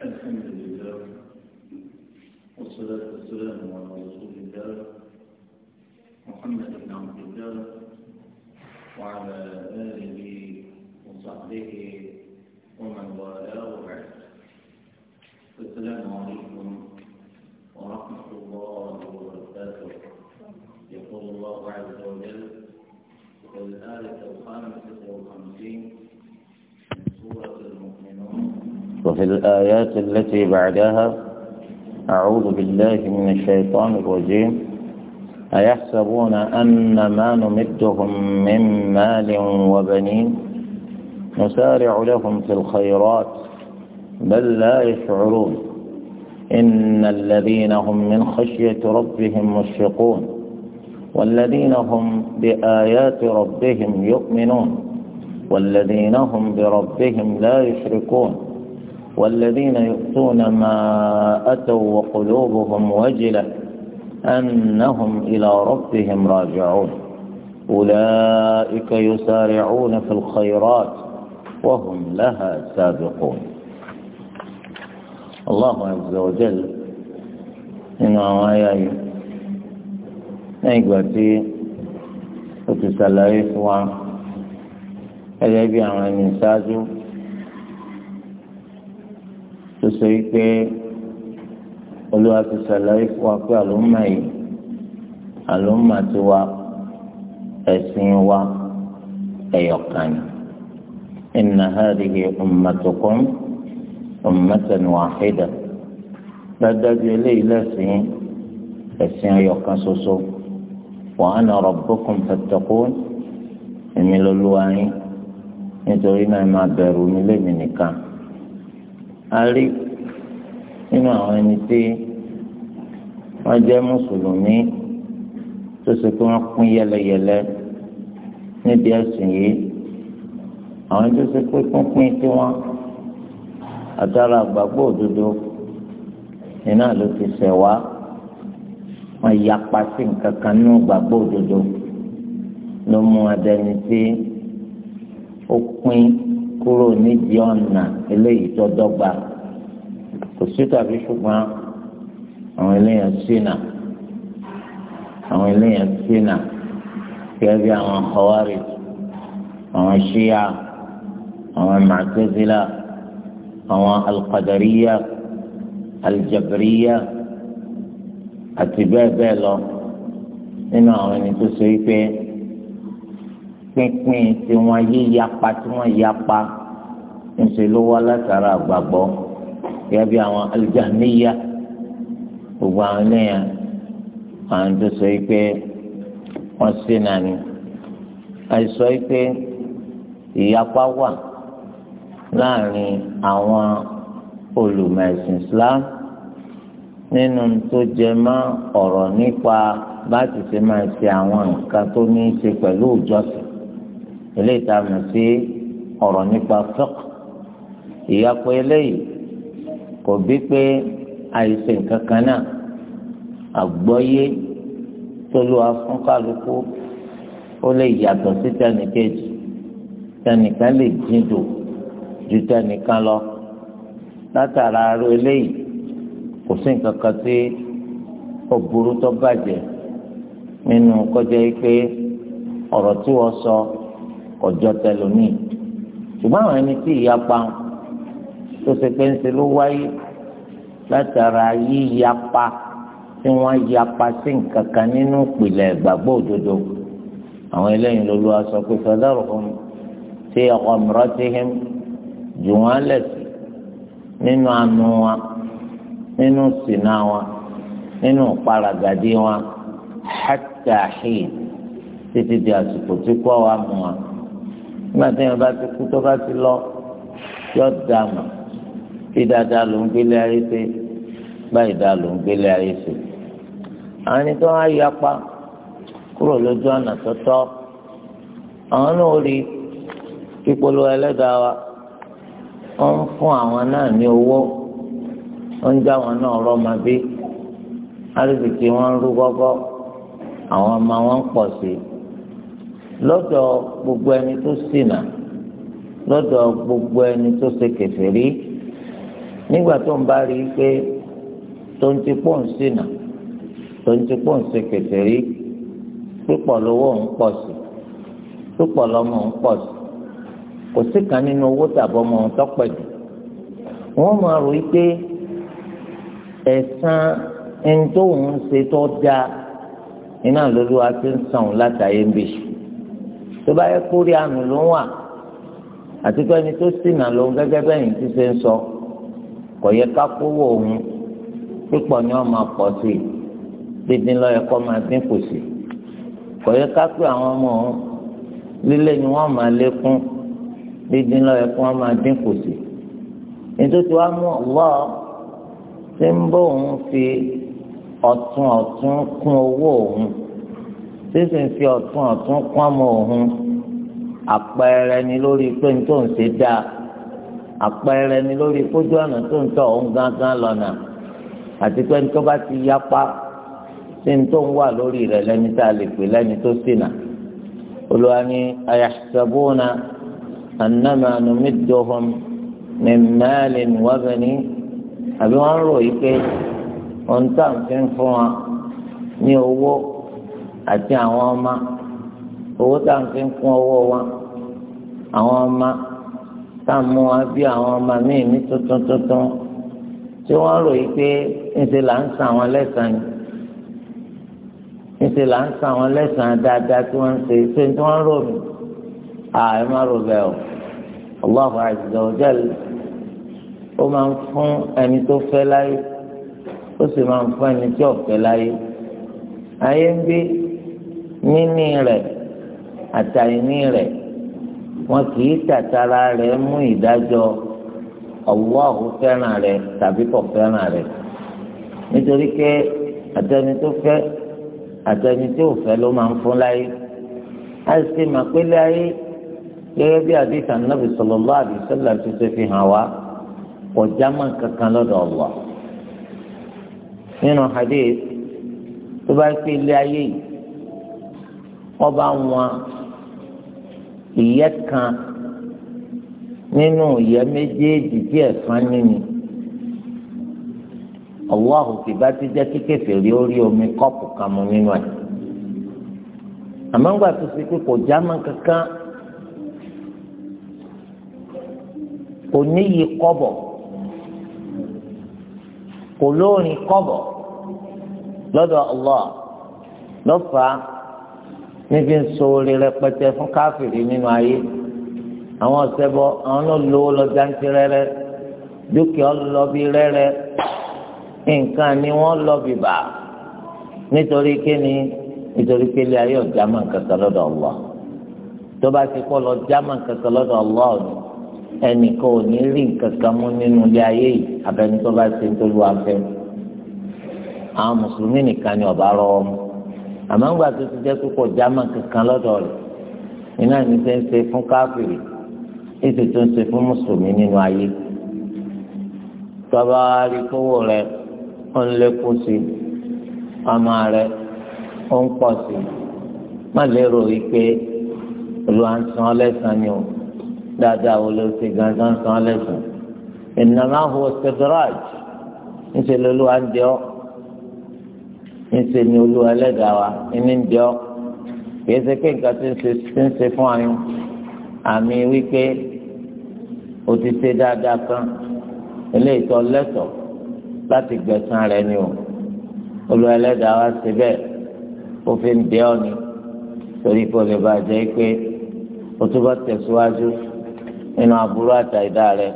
الحمد لله والصلاة والسلام على رسول الله محمد بن عبد الله وعلى آله وصحبه ومن والاه بعد السلام عليكم ورحمة الله وبركاته يقول الله عز وجل في الآية الخامسة والخمسين وفي الآيات التي بعدها أعوذ بالله من الشيطان الرجيم أيحسبون أن ما نمدهم من مال وبنين نسارع لهم في الخيرات بل لا يشعرون إن الذين هم من خشية ربهم مشفقون والذين هم بآيات ربهم يؤمنون والذين هم بربهم لا يشركون والذين يؤتون ما أتوا وقلوبهم وجلة أنهم إلى ربهم راجعون أولئك يسارعون في الخيرات وهم لها سابقون الله عز وجل إن آياته في وتسلعي فوا أجابي عن المساجد tó sọ yìí pé olúwa ti sàlàyé fún wa pé àlùmọ́ yìí àlùmọ́ ti wa ẹ̀sìn wa ẹ̀yọ̀kan inna hadhihi ummatukum ummatan wahida dájú eléyìí lẹ́sìn ẹ̀sìn ẹ̀yọ̀kan ṣoṣo wa ana rabbukum fattaqun èmi lọ́lúwa yín nítorí náà máa bẹ̀rù mi nìkan a rí nínú àwọn ẹni tí wọ́n jẹ́ mùsùlùmí tó ṣe pé wọ́n pín yẹlẹyẹlẹ níbi ẹ̀sìn yìí àwọn tó ṣe pé pínpín tí wọ́n àtàrà àgbàgbọ́ òdodo iná ló ti ṣẹ̀ wá wọ́n yapa sí nǹkan kan nínú gbàgbọ́ òdodo ló mú adẹni tí ó pín kúrò nídìí ọ̀nà eléyìí tó dọ́gba kò sí tàbí ṣùgbọ́n àwọn eléyàn ṣìnà àwọn eléyàn ṣìnà gẹ́gẹ́ bí àwọn kọ́wárì àwọn ṣíyà àwọn màtẹ́sílà àwọn alqadariya aljabariya àti bẹ́ẹ̀ bẹ́ẹ̀ lọ nínú àwọn ẹni tó ṣe wípé pínpín tiwọn yíyapa tí wọn yapa ńṣe ló wá látara àgbàgbọ́ gẹ́gẹ́ bí àwọn alìjàmíyà gbogbo àwọn ènìyàn àwọn tó sọ pé wọ́n sí nàní àìsọ pé ìyapa wà láàrin àwọn olùmọ̀ẹ̀sìn Islam nínú tó jẹ mọ́ ọ̀rọ̀ nípa bá ti ṣe máa ṣe àwọn nǹkan tó ní í ṣe pẹ̀lú ìjọsìn eléyìí tá a mọ̀ sí ọ̀rọ̀ nípa fiqh ìyapọ̀ eléyìí kò bí pé àìsè kankan náà àgbọ́yé tó lù wá fún kálukú ó lè yàtọ̀ sí tẹnìkejì tẹnìkan lè jíndò ju tẹnìkan lọ látara aró eléyìí kò sí nǹkan kan tí ó burú tó bàjẹ́ nínú kọjá yìí pé ọ̀rọ̀ tí wọ́n sọ. So, kọjọ tẹlómìn ṣùgbọ́n àwọn ẹni tí ìyapa ń tó ṣe pé ń ṣe ló wáyé látara yíyapa tí wọ́n yapa sí nǹkan kan nínú ìpìlẹ̀ ìgbàgbọ́ òdodo àwọn eléyìí ló lọ́wọ́ sọ pé fadharhum fi ghamratihim jù wọ́n lẹ̀ sí nínú àánú wa nínú ṣìnà wa nínú ìparagàdì wa hatta hin títí di àsìkò tí kò wá mú wa nígbà tí yẹn bá ti kú tó bá ti lọ yọ dààmú kí dáadáa ló ń gbélé ayé ṣe báyìí dáa ló ń gbélé ayé ṣe àwọn ẹni tó wá yapa kúrò lójú ọ̀nà tọ́tọ́ àwọn náà rí ìpolówó ẹlẹ́dàá wa ó ń fún àwọn náà ní owó ó ń já àwọn náà rọ́ọ̀mà bí alùpùpù wọn ń rú gọ́gọ́ àwọn ọmọ wọn ń pọ̀ sí i lọ́dọ̀ gbogbo ẹni tó ṣìnà lọ́dọ̀ gbogbo ẹni tó ṣe kèfèrí nígbà tó ń bá rí i pé tó ń ti pọ̀ ń ṣìnà tó ń ti pọ̀ ń ṣe kèfèrí pípọ̀ lówó ń pọ̀ sí pípọ̀ lọ́mọ ń pọ̀ sí kò sí kan nínú owó tàbọ̀ ọmọ tó pẹ̀ jù wọ́n máa rò í pé ẹ̀san ẹni tó ń ṣe tó dáa iná lóluwa ti ń sàn látàyè ń bèṣù tó bá yẹ kó rí àánú ló ń wà àti pé ẹni tó ṣìnà ló ń gẹ́gẹ́ bẹ́yìn tí ṣe ń sọ kò yẹ ká kówó òun pípọ̀ ni wọ́n máa pọ̀ sí i dídín lọ́yẹ kó máa dín kù sí i kò yẹ ká pé àwọn ọmọ òun líle ni wọ́n máa lékún dídín lọ́yẹ kó máa dín kù sí i nítorí wàá mú ọ̀wọ́ tí ń bọ̀ òun fi ọ̀tún ọ̀tún kún owó òun sísè ń fi ọ̀tún ọ̀tún kún ọmọ òun àpẹẹrẹ ni lórí pé ní tó ń ṣe dáa àpẹẹrẹ ni lórí kójú ọ̀nà tó ń tọ̀ ọ̀hún gángan lọ́nà àti pé ní tó bá ti yapa sí ní tó ń wà lórí rẹ̀ lẹ́ni tá a lè pè lẹ́ni tó ṣìnà olùwà ni ayahsabuna annama numidduhum min malin àbí wọ́n ń ròyìn pé ohun tá à ń fi ń fún wa ní owó àti àwọn ọmọ owó tá à ń fi kún ọwọ́ wa àwọn ọmọ tá à ń mú wa bí àwọn ọmọ míì ní tuntun tuntun tí wọ́n rò yí pé ńṣe là ń san àwọn lẹ́sàn yìí ńṣe là ń san àwọn lẹ́sàn dáadáa tí wọ́n ń ṣe ṣé tí wọ́n rò mí à má rò bẹ́ẹ̀ o Allahu azza wa jalla ó máa ń fún ẹni tó fẹ́ láyé ó sì máa ń fún ẹni tí ò fẹ́ láyé ayé ń gbé níní rẹ̀ àtàìní rẹ̀ wọn kì í tàtàrà rẹ̀ mú ìdájọ́ Allahu fẹ́ràn rẹ̀ tàbí kò fẹ́ràn rẹ̀ nítorí pé àtẹni tó fẹ́ àtẹni tí ò fẹ́ ló máa ń fún láyé àìsí màpélé ayé gẹ́gẹ́ bí àdìsá nàbì sallallahu alaihi wasallam ti ṣe fi hàn wá kọjá mọ́ kankan lọ́dọ̀ Allah nínú hadith tó bá pé ilé ayé yìí wọ́n bá wọn ìyẹ́ kan nínú ìyẹ́ méjèèjì tí ẹ̀fọn nínú ọlọ́hùn tí bá ti jẹ́ kíkèfé rí orí omi kọ́ọ̀pù kan mu nínú ẹ̀ àmọ́ ńgbà tó ṣe pé kò já mọ́ kankan kò níyì kọ́bọ̀ kò lóorin kọ́bọ̀ lọ́dọ̀ Allah lọ́fàá níbi ń so orí rẹpẹtẹ fún káfíìrì nínú ayé àwọn ọ̀sẹ̀bọ àwọn náà lówó lọ jáǹtì rẹ́rẹ́ dúkìá ọlọ́bí rẹ́rẹ́ nǹkan ni wọ́n lọ bìbà nítorí kíni nítorí pélé ayé ọ̀já máa ń kankan lọ́dọ̀ Allah tó bá ti kọ́ lọ já máa ń kankan lọ́dọ̀ Allah ni ẹnìkan ò ní rí nǹkan mú nínú ilé ayé yìí abẹni tó bá ti ń tó lu afẹ́ àwọn mùsùlùmí nìkan ni ọ̀bá àmọ́ ńgbà tó ti jẹ́ púpọ̀ jámà kankan lọ́dọ̀ rẹ̀ iná ní ṣe ń ṣe fún káfíìrì èsì tó ń ṣe fún mùsùlùmí nínú ayé tọ́ba rí kówó rẹ̀ ó ń lékún sí ọmọ rẹ̀ ó ń pọ̀ sí má lérò wípé olúwa ọlẹ́sàn ni o dáadáa wo ló ṣe gangan ọlẹ́sàn ìnáwó àwọn ṣẹdọ́rájì ń ṣe lóluwà ń ńṣe ni olú ẹlẹ́dàá wa ní ń jọ kìí ṣe pé nǹkan tí ń ṣe fún àyùn àmì wípé o ti ṣe dáadáa kan eléyìí tó lẹ́tọ̀ọ́ láti gbẹ̀san rẹ̀ ni o olú ẹlẹ́dàá wa ṣe bẹ́ẹ̀ ó fi ń bẹ́ ọ ni torí kò lè bàjẹ́ pé o tún bá tẹ̀síwájú nínú aburú àtàìdá rẹ̀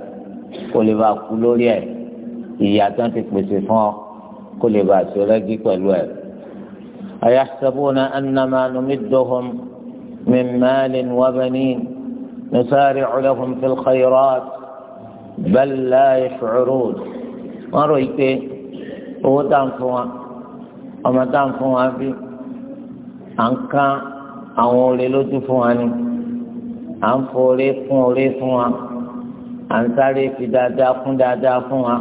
kò lè bá kú lórí ẹ̀ ìyà tán ti pèsè fún ọ. kó lè bá àti rẹ́gí pẹ̀lú ẹ̀. ayahsabuna annama numidduhum min malin wa banin nusari'u lahum fil khayrat bal la yash'urun. wọ́n rò yí pé owó tá à ń fún wa ọmọ tá à ń fún wa bí à ń ká àwọn oore lójú fún wa ni à ń fọ oore fún oore fún wa à ń sáré fi dáadáa fún dáadáa fún wa.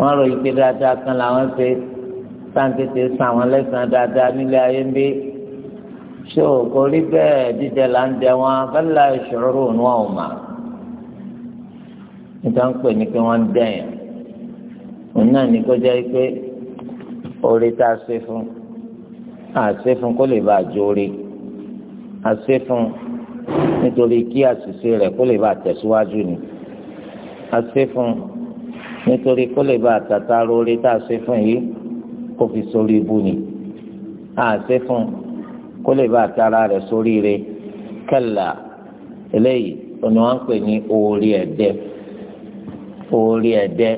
wọ́n rò yìí pé dáadáa kan làwọn ṣe sáńtètè san àwọn lẹ́sàn-án dáadáa nílé ayé ń bí ṣó kò rí bẹ́ẹ̀ jíjẹ là ń jẹ wọn abẹ́là ìṣòro òun wọn ò mà níta ń pè ní pé wọ́n ń dẹ̀yìn òun náà ní kó jẹ́ pé orí tá a ṣe fún àṣe fún kó lè bá a jóore àṣe fún nítorí kí àṣìṣe rẹ̀ kó lè bá a tẹ̀síwájú ni àṣe fún nítorí kó lè bá àtàtà lórí tá a ṣe fún yìí kó fi sórí ibu ni a ṣe fún kó lè bá àtàrà rẹ̀ sórí rẹ̀ kẹlà eléyìí ọ̀nà wa ń pè ní orí ẹ̀dẹ́ orí ẹ̀dẹ́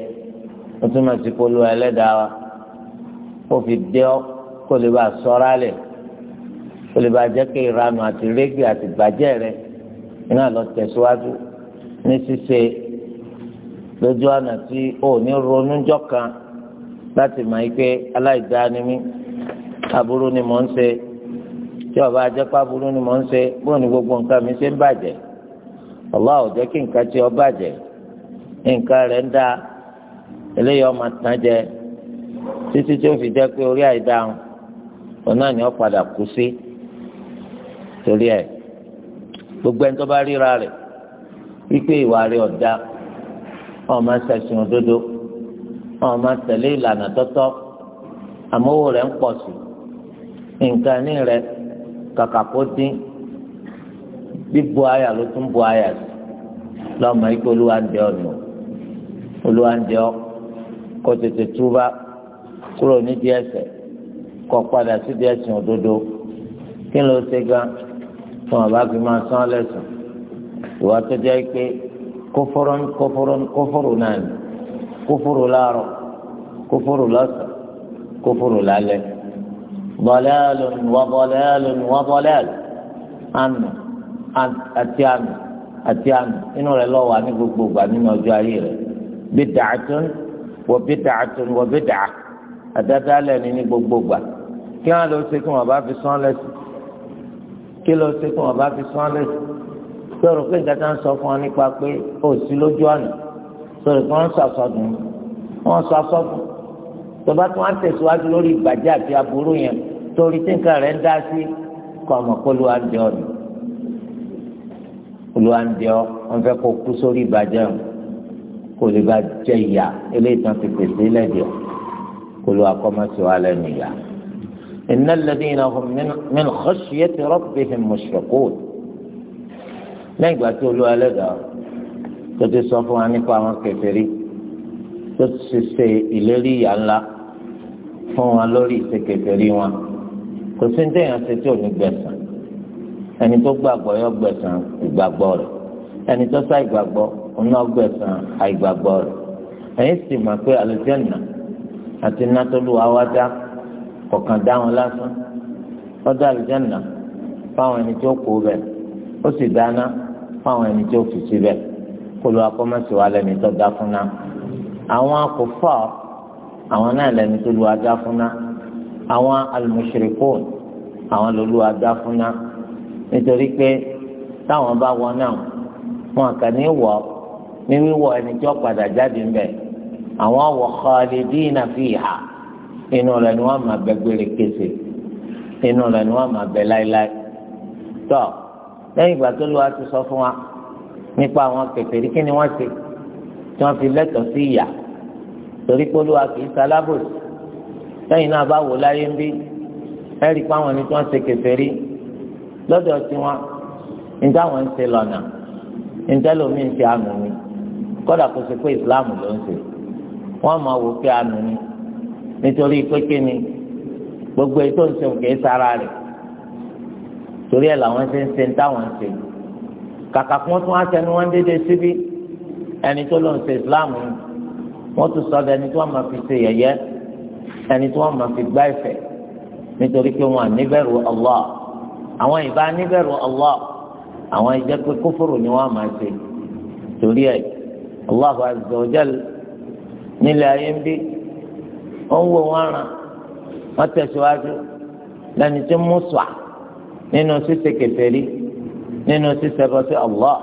ó túmọ̀ sí kó ẹlẹ́dàá wa kó fi dé ọ́ kó lè bá sọ́ra lẹ̀ kó lè bá jẹ́ kí ìranù àti rẹ́gbẹ̀ àti bàjẹ́ rẹ̀ iná lọ tẹ̀síwájú ní ṣíṣe lójú ọ̀nà tí ò ní ronú jọ́ kan láti mọ̀ pé aláìdáni aburú ni mò ń ṣe tí ọba ajẹ́pá aburú ni mò ń ṣe bó ni gbogbo nǹkan mi ṣe ń bàjẹ́ Allah ò jẹ́ kí nǹkan tí ó bàjẹ́ nǹkan rẹ̀ ń eléyìí ọmọ tán jẹ títí tí ó fi jẹ́ pé orí àìdáhùn òun náà ni ó padà kú sí torí gbogbo ẹni tó bá ríra wípé wọn máa ṣẹ̀sìn òdodo wọn máa tẹ̀lé ìlànà tọ́tọ́ àmówó rẹ̀ ń pọ̀ sí nǹkan ní rẹ̀ kàkà kó dín bíbu àyà ló tún bu àyà sí lọ́mọ ikú olúwa ń dẹ ọ̀nà olúwa ń dẹ ọ kó tètè túbá kúrò nídìí ẹ̀ṣẹ̀ kó padà sídìí ẹ̀sìn òdodo kí ló ṣe gan tí wọn fi máa sán lẹ́sùn ìwà tó jẹ́ pé kófóró kófóró kófóró náà ni kófóró láàárọ̀ kófóró lọ́sàn kófóró lálẹ́ bọlẹ́ẹ̀lùn wà bọlẹ́ẹ̀lùn wà bọlẹ́ẹ̀lùn àmì àti àmì àti àmì inú rẹ̀ lọ wà ní gbogbo ìgbà nínú ọjọ́ ayé rẹ̀ bí dàtún wọ bí dàtún wọ bí dà àdádálẹ̀ ní gbogbo ìgbà kí wọn lọ sí kí wọn bá fi sán lẹ́sìn kí lọ sí kí wọn bá fi sán lẹ́sìn sọ̀rọ̀ pé gàdá ń sọ fún ọ nípa pé ó sí lójú ọ̀nà sọ̀rọ̀ pé wọ́n sọ àsọdùn wọ́n sọ àsọdùn tọba tí wọ́n tẹ̀síwájú lórí ìbàjẹ́ àti aburú yẹn torí tí nǹkan rẹ̀ ń dá sí kọ́ ọmọ pé olúwa ń jẹ́ ọ̀nà olúwa ń jẹ́ ọ wọ́n fẹ́ kó kú sórí ìbàjẹ́ ọ̀hún kò lè bá jẹ ìyá eléyìí tán ti pèsè lẹ́dìọ̀ kò lè akọ́ máa ti wá lẹ́nu ìyá. innal ladina hum min khashyati rabbihim mushfiqun lẹ́yìn ìgbà tí olúwa lẹ́dàá tó ti sọ fún wa nípa àwọn kèfèrí tó ti ṣe ìlérí ìyà ńlá fún wa lórí ìṣe kèfèrí wọn kò sí ní tẹ̀yàn ṣe tí ò ní gbẹ̀san ẹni tó gbàgbọ́ yọ gbẹ̀san ìgbàgbọ́ rẹ̀ ẹni tó sá ìgbàgbọ́ ọ̀nà gbẹ̀san àìgbàgbọ́ rẹ̀ ẹ̀yìn sì mọ̀ pé àlùjànnà àti nátọ́lùwà wá dá kọ̀ọ̀kan dá wọn lásán ọ̀dọ̀ àlùjànnà fáwọn ẹni tó kó bẹ̀ ó sì dáná fáwọn ẹni tí ó fi síbẹ̀ kó ló akọ́mọ́sí wa lẹ́ni tó dá fún náà àwọn akófà àwọn náà lẹ́ni tó lu adá fún náà àwọn alùmùsírìkùn àwọn ló lu adá fún náà nítorí pé táwọn bá wọ náà wọn kàn ní wọ ní wíwọ ẹni tí ó padà jáde ńbẹ àwọn wọ khalidina fiha inú rẹ̀ ni wọ́n máa bẹ gbére kése inú rẹ̀ ni wọ́n máa bẹ láéláé tọ́. So, lẹ́yìn ìgbà tó lọ́wọ́ ti sọ fún wa nípa àwọn kèfèrí kí ni wọ́n ṣe tí wọ́n fi lẹ́tọ̀ọ́ sí ìyà torí pé Olúwa kì í ṣalábòsí lẹ́yìn náà bá wò láyé ń bí ẹ̀rí pé àwọn ẹni tí wọ́n ṣe kèfèrí lọ́dọ̀ tiwọn níta wọn ń ṣe lọ́nà níta lómi ń ṣe àánú ni kódà kó ṣe pé ìsìláàmù ló ń ṣe wọ́n máa wò pé àánú ni nítorí pé kí ni gbogbo ètò ìṣòwò kì í sára rẹ̀ torí ẹ̀ làwọn ṣe ń ṣe ń táwọn ṣe kàkà kí wọ́n tún wá sẹ́nu wọn déédéé síbí ẹni tó lọ ń ṣe islam wọ́n tún sọ ọ́ ẹni tí wọ́n máa fi ṣe yẹ̀yẹ́ ẹni tí wọ́n máa fi gbá ìfẹ́ nítorí pé wọn níbẹ̀rù Allah àwọn ìbá níbẹ̀rù Allah àwọn ìjẹ́ pé kófòrò ni wọ́n máa ṣe torí ẹ̀ Allah azza wa jal nílẹ̀ ayé ń bí wọ́n wò wọ́n ràn wọ́n tẹ̀síwájú lẹ́ni tí mú sùà nínú ṣíṣe kèfèrí nínú ṣíṣe bọ́ sí Allah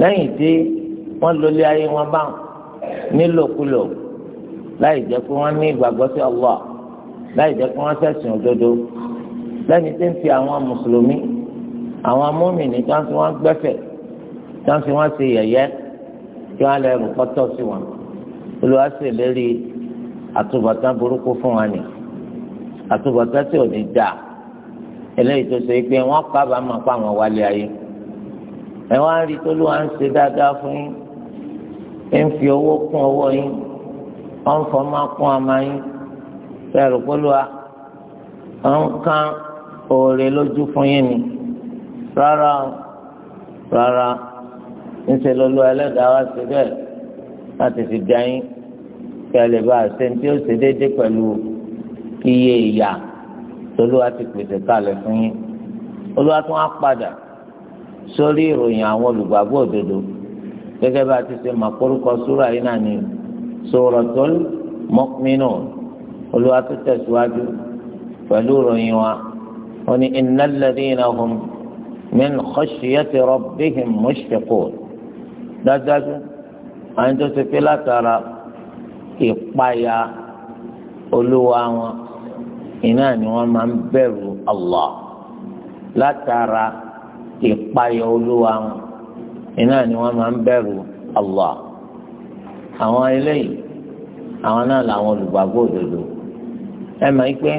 lẹ́yìn tí wọ́n lólé ayé wọn bá nílòkulò láì jẹ́ pé wọ́n ní ìgbàgbọ́ sí Allah láì jẹ́ pé wọ́n ṣẹ̀sìn òdodo lẹ́ni tí ń fi àwọn mùsùlùmí àwọn mùmínì tí wọ́n fi wọ́n gbẹ́fẹ̀ tí wọ́n fi wọ́n ṣe yẹ̀yẹ́ kí wọ́n lè rò pọ́tọ̀ sí wọn Olúwa ṣèlérí àtúbọ̀tán burúkú fún wa ni àtúbọ̀tán tí ò ní dáa eléyìí tó ṣe pé wọ́n kábàámọ̀ pa àwọn wálé ayé ẹ wá rí tó ló wá ń ṣe dáadáa fún yín ẹ ń fi owó kún owó yín ọ ń fọmọ kún ọmọ yín fẹ́ẹ̀rù pólúwa ọ ń kán oore lójú fún yín ni rárá rárá ńṣe lọ́lọ́ ẹlẹ́dàá wá sí bẹ́ẹ̀ láti fi dá yín kí ẹ lè bá a ṣe ní tí ó ṣe déédéé pẹ̀lú iye ìyá tolúwa ti pèsè kalẹ̀ fún yín olúwa tún á padà sórí ìròyìn àwọn olùgbàgbọ́ òdodo gẹ́gẹ́ bá a ti ṣe mọ̀ kórúkọ súrà yìí náà ni suratul mu'minun olúwa tún tẹ̀síwájú pẹ̀lú ìròyìn wa ó ní innal min khashyati rabbihim mushfiqun dájúdájú àwọn tó ti pé látara ìpayà olúwa wọn. iná ni wọ́n máa ń bẹ̀rù Allah látara ìpayọ olúwa wọn iná ni wọ́n máa ń bẹ̀rù ọlọ. àwọn eléyìí àwọn náà làwọn olùgbàgbọ́ òdodo ẹ máa ń pẹ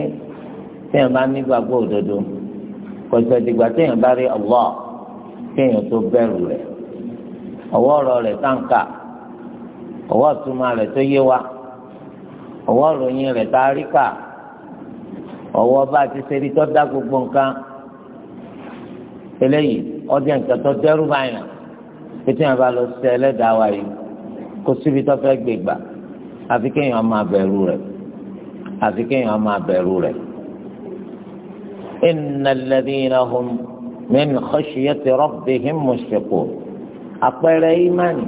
téèyàn bá nígbàgbọ́ òdodo kọjá dìgbà téèyàn bá rí Allah kéèyàn tó bẹ̀rù rẹ̀ Ọwọ ọrọ rẹ̀ táǹkà ọwọ ìtumọ̀ rẹ̀ tó yé wa ọwọ́ ìròyìn rẹ̀ tá a rí kà. ọwọ́ bá ti ṣe ibi tó dá gbogbo nǹkan eléyìí ọdún nǹkan tó dẹ́rù báyìí nà pété yẹn bá lọ sí ẹlẹ́dàá wa yìí kó síbi tó fẹ́ gbé gbà àfi kéèyàn máa bẹ̀rù rẹ̀ àfi kéèyàn máa bẹ̀rù rẹ̀. innal ladhina hum min khashyati rabbihim mushfiqun àpẹẹrẹ ìmánì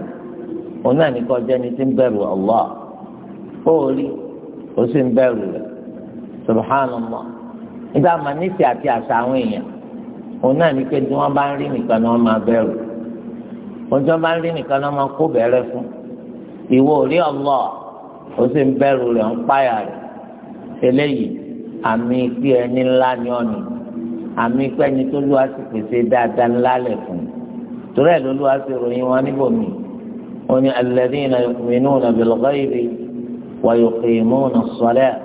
òun náà ní kọjá ní ti ń bẹ̀rù Allah ó rí ó sì ń bẹ̀rù rẹ̀ subhanallah nígbà máa nífẹ̀ẹ́ àti àṣà àwọn èèyàn òun náà ní pé tí wọ́n bá ń rí nìkan ni wọ́n máa bẹ̀rù ohun tí wọ́n bá ń rí nìkan ni wọ́n máa kó bẹ̀rẹ̀ fún ìwọ ò rí Allah ó sì ń bẹ̀rù rẹ̀ ń páyà rẹ̀ eléyìí àmì pé ẹni ńlá ni ọ̀nì àmì pé ẹni tó lù àti pèsè dáadáa ńlá lẹ̀ fún torí ẹ̀ ló lù àti ròyìn wọn níbòmí ó ní alladhina yu'minuna bil ghaibi wa yuqimuna as-salah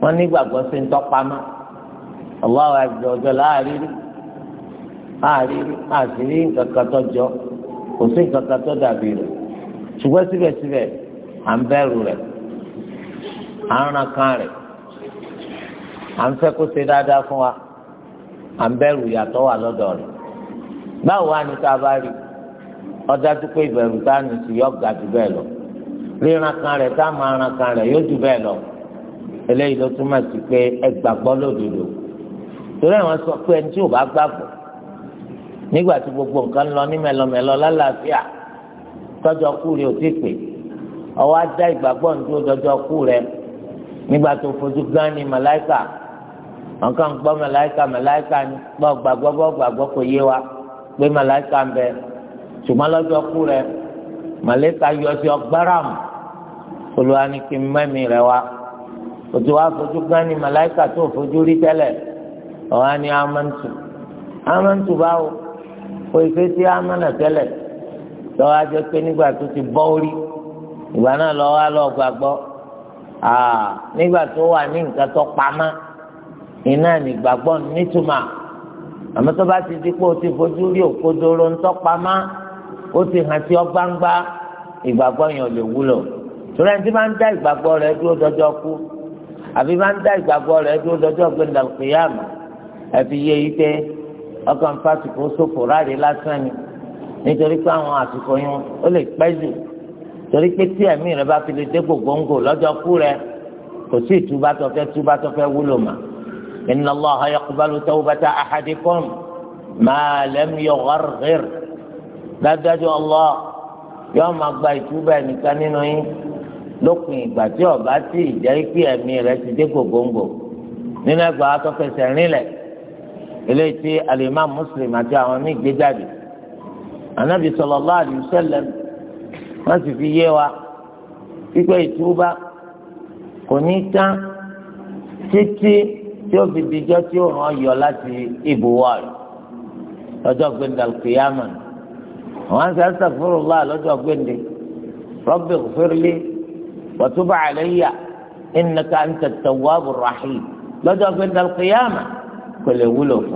wọ́n nígbàgbọ́ sí ń tọ́pamọ́ ọlọ́wọ́ àjọ ọjọ́ láàrírí àrírí àṣírí nǹkan kan tó jọ kò sí nǹkan kan tó dàbí rẹ̀ ṣùgbọ́n síbẹ̀síbẹ̀ à ń bẹ̀rù rẹ̀ à ń ran kan rẹ̀ à ń fẹ́ kó ṣe dáadáa fún wa à ń bẹ̀rù ìyàtọ̀ wà lọ́dọ̀ rẹ̀ báwo wá ní ká bá rí ọdájú pé ìbẹ̀rù táà sí jù bẹ́ẹ̀ lọ rẹ̀ táà máa eléyìí ló túmọ̀ sí pé ẹ gbàgbọ́ lódodo torí àwọn sọ pé ẹni tí ò bá gbàgbọ́ nígbà tí gbogbo nǹkan lọ ní mẹlọmẹlọ lálàáfíà tọjọ kú rẹ ò ti pè ọwọ́ ajá ìgbàgbọ́ ní tó dọjọ kú rẹ nígbà tó fojú gán ni nǹkan gbọ́ ni gbọ́ wa pé ń bẹ ṣùgbọ́n lọ́jọ́ kú rẹ yọ sí ọgbáràmù olùwànìkì rẹ wa. òtí wàá fojú gán ni màláìkà tó fojú rí tẹ́lẹ̀ ọ̀hán ni amantu amantu báwo kò ìfẹ́ sí amánà tẹ́lẹ̀ lọ́wọ́ ajẹ́ pé nígbà tó ti bọ́ orí ìgbà náà lọ́wọ́ á lọ́ọ́ gbàgbọ́ nígbà tó wà ní nǹkan tó pamọ́ iná nígbàgbọ́ nítumà àmọ́ tó bá ti di pé o ti fojú rí òkodoro ń tọ́pamọ́ ó ti hàn sí ọgbáńgbá ìgbàgbọ́ yẹn ò lè wúlò torí ẹni tí máa ń dá ìgbàgbọ́ rẹ dúró dọjọ́ kú àbí máa ń dá ìgbàgbọ́ rẹ̀ dúró lọ́jọ́ gbẹ̀ndà kìyàmù àfi yẹ yìí pé ọkàn fásitì sòfò ráre lásán ni nítorí pé àwọn àsìkò yẹn ó lè pẹ́ jù torí pé tí ẹ̀mí rẹ bá fi lè dé gbogbo lọ́jọ́ kú rẹ kò sí ìtúbà tó fẹ́ túbà tó fẹ́ wúlò mà inna Allaha yaqbalu tawbata ahadikum ma lam yugharghir dájúdájú Allah yóò máa gba ìtúbà ẹnìkan nínú yín lópin ìgbà tí ọba tí ìjẹ́ pé ẹ̀mí rẹ̀ ti dé gbogbogbò nínú ẹgbàá atọ́fẹsẹ̀ rinlẹ̀ eléyìí tí alimam muslim àti àwọn míì gbé jáde anabi sallallahu alaihi wasallam wọn sì fi yé wa pípẹ́ ìtúbà kò ní tán títí tí ó fi dijọ́ tí ó hàn yọ láti ibùwọ̀ rẹ̀ lọ́jọ́ gbẹ̀ndà kìyàmà wọn sì astaghfirullah lọ́jọ́ gbẹ̀ndẹ̀ rabbighfirli. وتب علي إنك أنت التواب الرحيم بدأ عند القيامة كل ولف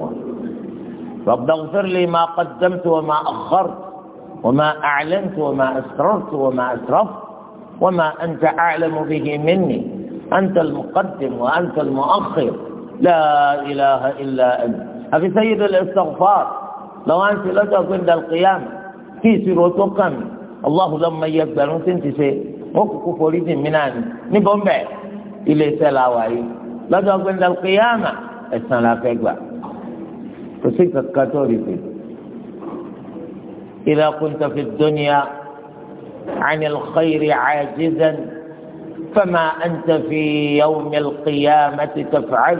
رب اغفر لي ما قدمت وما أخرت وما أعلنت وما أسررت وما أسرفت وما أنت أعلم به مني أنت المقدم وأنت المؤخر لا إله إلا أنت أخي سيد الاستغفار لو أنت لدى عند القيامة في سيروتكم الله لما انت شيء wọn kúkú forí jìn mí náà ni níbo ń bẹ̀ ilé iṣẹ́ la wà yìí lọ́dọ̀ gbẹ̀ndà kéyàmà ẹ̀sán la fẹ́ gbà kò sí kankan tó rí pé ìlà kúntà fi dúnìá عن الخير عاجزا فما أنت في يوم القيامة تفعل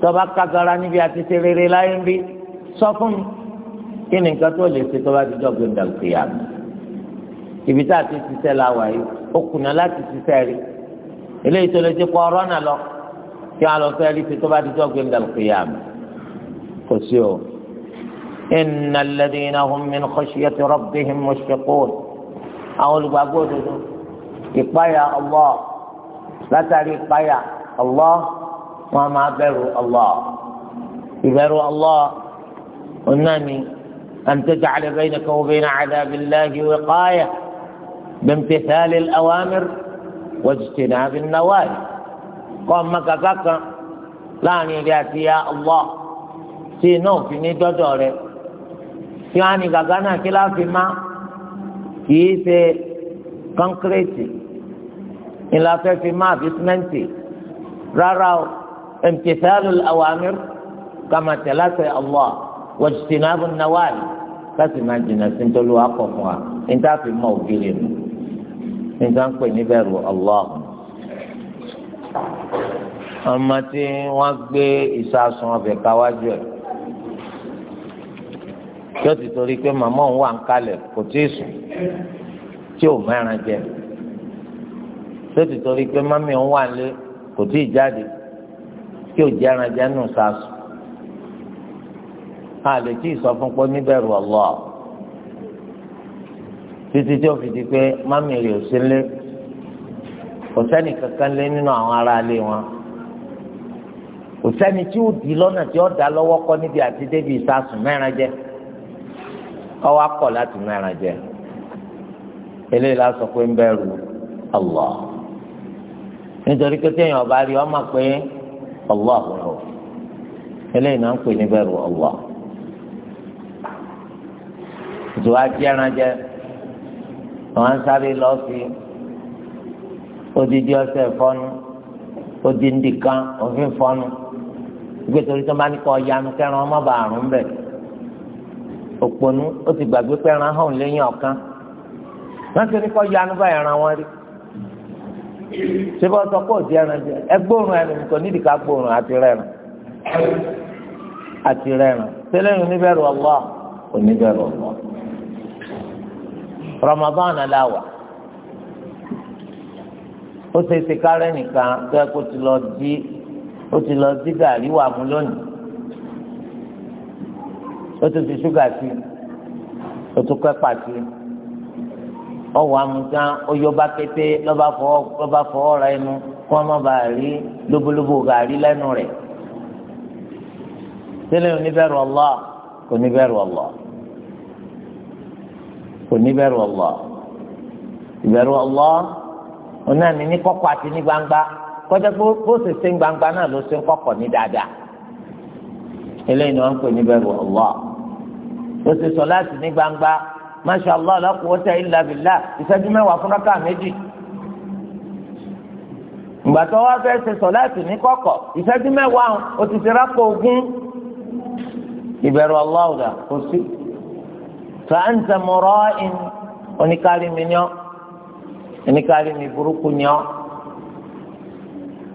tọba kagara níbi àti serere láyé ń bí sọ fún mi kí ni nǹkan tó lè ṣe tọba àtijọ́ gbẹ̀ndà kìyàmù ibi tá a ti ṣiṣẹ́ la wà yìí ó kùnà láti ṣiṣẹ́ rí eléyìí tó lè ti kọ́ ọ̀rọ̀ náà lọ kí wọ́n lọ fẹ́ rí ti tó bá ti jọ́ gbẹ̀ngàn qiyam kò sí o. innal ladhina hum min khashyati rabbihim mushfiqun àwọn olùgbàgbọ́ òdodo ìpáyà Allah látàrí ìpáyà Allah wọn máa bẹ̀rù Allah ìbẹ̀rù Allah onáni an taj'ala baynaka wa bayna 'adhabillahi wiqaya. بامتثال الأوامر واجتناب النواهي قام كذاك لا نجات يا الله سينو في نجدور يعني كذانا كلا في ما كيس كونكريتي إلا في ما بسمنتي راراو امتثال الأوامر كما تلاتي الله واجتناب النواهي فسمع جنة سنتلو أقوى انت في موكلين nǹkan pè níbẹ̀ rò Allah ọmọ tí wọ́n gbé ìsásùn ọbẹ̀ káwájú ẹ̀ tí ó ti torí pé màmá òun wà ń kalẹ̀ kò tí ì sùn tí ò mẹ́ran jẹ tí ó ti torí pé mami òun wà lé kò tí ì jáde tí ò jẹ́ran jẹ́ nù sásùn a lè tí ì sọ fún pé níbẹ̀ rò Allah. títí tí ó fi di pé mami rè ó sí lé kò sẹ́ni kankan lé nínú àwọn ará ilé wọn kò sẹ́ni tí ó di lọ́nà tí ó dá lọ́wọ́ kọ́ níbi àti débi ìsásùn mẹ́ran jẹ ọwọ́ akọ̀ láti mẹ́ran jẹ eléyìí la sọ pé ń bẹ̀rù Allah nítorí pé téèyàn ọba rí ọmọ pé Allah eléyìí náà ń pè ní bẹ̀rù ìtura jẹ́ran jẹ́. àwọn ń sáré lọ sí odidi ọṣẹ fọnù odindi kan òfin fọnù gbé torí tó bá ní kọ yanu kẹran ọmọ bá àrùn bẹ òpònú ó ti gbàgbé pẹran hàn lẹ́yìn ọ̀kan wọn ti ní kọ yanu bá ẹran wọn rí ṣé bá sọ pé òdi ẹran jẹ ẹgbóòrùn ẹni kò nídìí ká gbóòrùn àti rẹran àti rẹran tẹlẹ ìrìn níbẹ̀rù ọlọ oníbẹ̀rù ọlọ. Ramadan aláwà ó ṣe ti kárẹ́ nìkan tó ẹ kó ti lọ dí ó ti lọ dí gàrí wà mú lónìí ó tún fi ṣúgà sí ó tún kọ́ ẹ̀pà sí ọwọ́ amúgán ó yọ bá kété lọ́ba fọwọ́ ra ẹnu kí wọ́n má bàa rí lóbólóbó gàrí lẹ́nu rẹ̀ tẹ́lẹ̀ oníbẹ̀rù Allah oníbẹ̀rù Allah. kò ní bẹ̀rù Allah ìbẹ̀rù Allah òun náà ní ní àti ní gbangba kọjá pé bó gbangba náà ló ṣe ń ní dáadáa eléyìí ni wọn ń pè ní bẹ̀rù Allah ó sọ láti ní gbangba masha Allah la quwwata illa billah ìṣẹ́jú mẹ́wàá fún rákà méjì ìgbà sọ láti ní kọ̀kọ̀ ìṣẹ́jú mẹ́wàá ó ti ṣe ogún fàáǹtà mọ̀rọ́ ìn oníkálímì ni ọ́ oníkálímì burúkú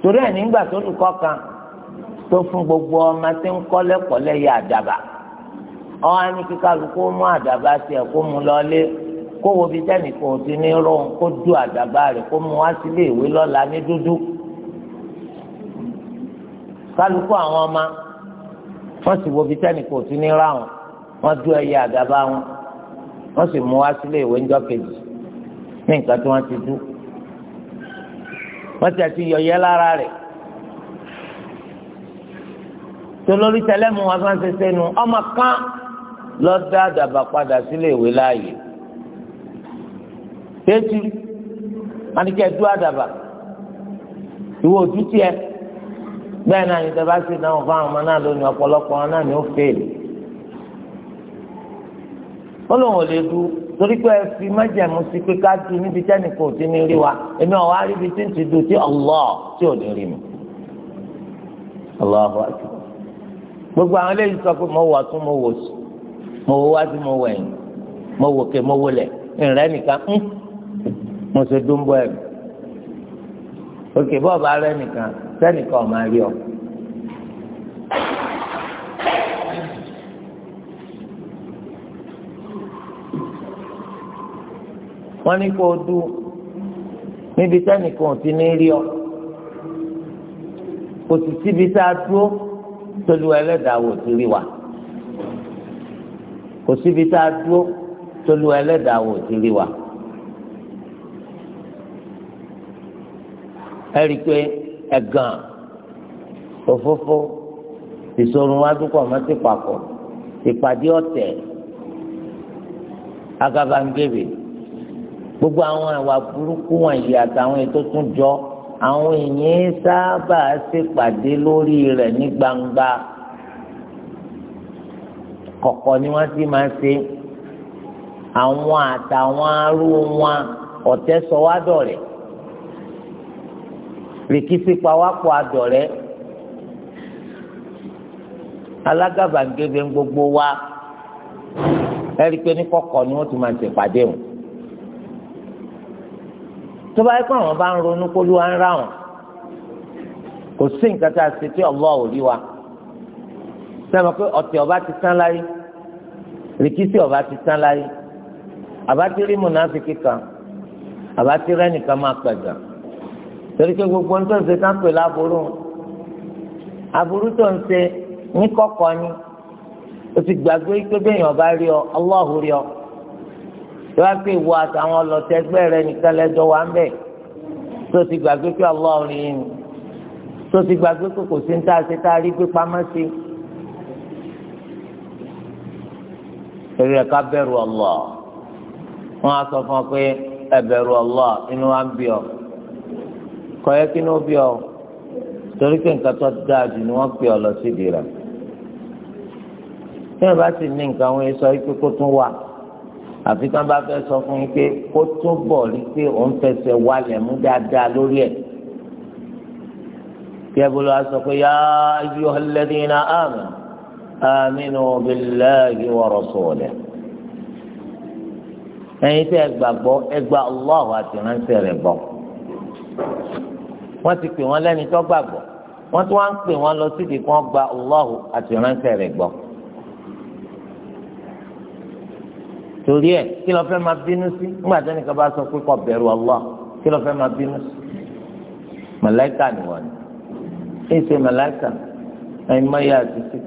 torí nígbà kan tó fún gbogbo ọmọ tí ń àdàbà mú àdàbà kó mu kò ti ní rọrùn kó du àdàbà rẹ̀ kó mu wá sílé ìwé lọ́la ní dúdú. kálukú àwọn ọmọ sì wo ti ní du ẹyẹ àdàbà wọn wọ́n sì mú wá sílé ìwé ńjọ́ kejì ní nǹkan tí wọ́n ti dú wọ́n ti àti yọ̀yẹ́ lára rẹ̀ tolórí tẹlẹ́mu wọn máa ń ṣe sẹ́nu ọmọ kan lọ dá dàbà padà sílé ìwé láàyè tẹ́tù anìkẹ́ dú àdàbà ìwọ òtútù ẹ bẹ́ẹ̀ náà ní tẹ́ bá ṣe náà fún àwọn ọmọ náà lónìí ọ̀pọ̀lọpọ̀ náà ni ó fèèlì ọlọ́run ò lè du torí pé ẹ fi májàmú sí pé ká du níbi tẹ́nì kò tí ní rí wa èmi ọ̀ wá rí ibi tí ń ti du tí Allah tí ò ní rí mi. gbogbo àwọn eléyìí sọ pé mo wà tún mo wò sí mo wò wá sí mo wò ẹ̀yìn mo wò ké mo wò lẹ̀ ìrẹ́ nìkan ń mo ṣe dúnbọ̀ ẹ̀ òkè bọ́ọ̀ bá rẹ nìkan sẹ́nìkan ọ̀ máa rí ọ. wọ́n ní kó o dú níbi sẹ́nìkan ò ti ní rí ọ kò sì síbi tá a dúró tolú ẹlẹ́dàá wò ti rí wa kò síbi tá a dúró tolú ẹlẹ́dàá wò ti rí wa. ẹ̀rí pé ẹ̀gàn òfófó ìṣòro wa dúkọ̀ ọmọ ti pàpọ̀ ìpàdé ọ̀tẹ̀ agabangebe gbogbo àwọn àwa burúkú wọ̀nyí àtàwọn ètò tún jọ àwọn èèyàn sábà ṣèpàdé lórí rẹ̀ ní gbangba kọ̀kọ̀ ni wọ́n ti máa ṣe àwọn àtàwọn arú wọn ọ̀tẹ̀ sọ wá dọ̀rẹ́ rìkísí pawápọ̀ adọ̀rẹ́ alágàbàgebè gbogbo wa ẹ̀rí pé ní kọ̀kọ̀ ni wọ́n ti máa ṣèpàdé wọn tó bá yẹ kó àwọn bá ń ronú kó ló wá ń ráwọn kò sí nǹkan tá a ṣe tí ọlọ́ ò rí wa sẹ́mi pé ọ̀tẹ̀ ọba ti tán láyé rìkísí ọba ti tán láyé àbá ti rí mùnáfíkì kan àbá ti rẹ́ nìkan máa pẹ̀gà torí pé gbogbo ń tó ń ṣe ká pè láburú aburú tó ń ṣe ní kọ̀kọ̀ ni o ti gbàgbé pé bẹ́ẹ̀ yàn bá rí ọ ọlọ́ọ̀hún rí ọ tó bá pé ìwọ àtàwọn ọlọ́tẹ̀gbẹ́ rẹ nìkan lẹ́jọ́ wà ń bẹ̀ tó ti gbàgbé pé ọlọ́run yìí ni tó ti gbàgbé pé kò sí ń tá a ṣe tá a rí gbé pamọ́ sí. torí ẹ̀ka bẹ̀rù ọlọ́ wọn á sọ fún ọ pé ẹ bẹ̀rù inú wa ń bí ọ kọ́yẹ́ kí ni ó bí ọ torí pé nǹkan tó dáa jù ni wọ́n pè ọ lọ sídìí rẹ̀ tí wọ́n bá sì ní nǹkan wọn sọ pé kó tún wà àfi tí wọn bá fẹ́ sọ fún yín pé kó tó bọ̀ rí pé òun fẹsẹ̀ walẹ̀ mú dáadáa lórí ẹ̀ kí ẹ bolo aṣọ pé yá ayé ọlẹ́dínlá àmì aminu billahi wa rasulihi ẹ̀yin tí ẹ gbàgbọ́ ẹ gba Allahu àti ránṣẹ́ rẹ̀ gbọ́ wọ́n ti pè wọ́n lẹ́ni tó gbàgbọ́ wọ́n tún wá ń pè wọ́n lọ síbi kí wọ́n gba Allahu àti ránṣẹ́ rẹ̀ gbọ́. torí ẹ kí ló fẹ́ máa bínú sí nígbà tí ẹnìkan bá sọ pé kò bẹ̀rù Allah kí ló fẹ́ máa bínú sí màláìkà nìwọ̀n ní ṣe màláìkà ẹ̀yin máa yá àtúntì.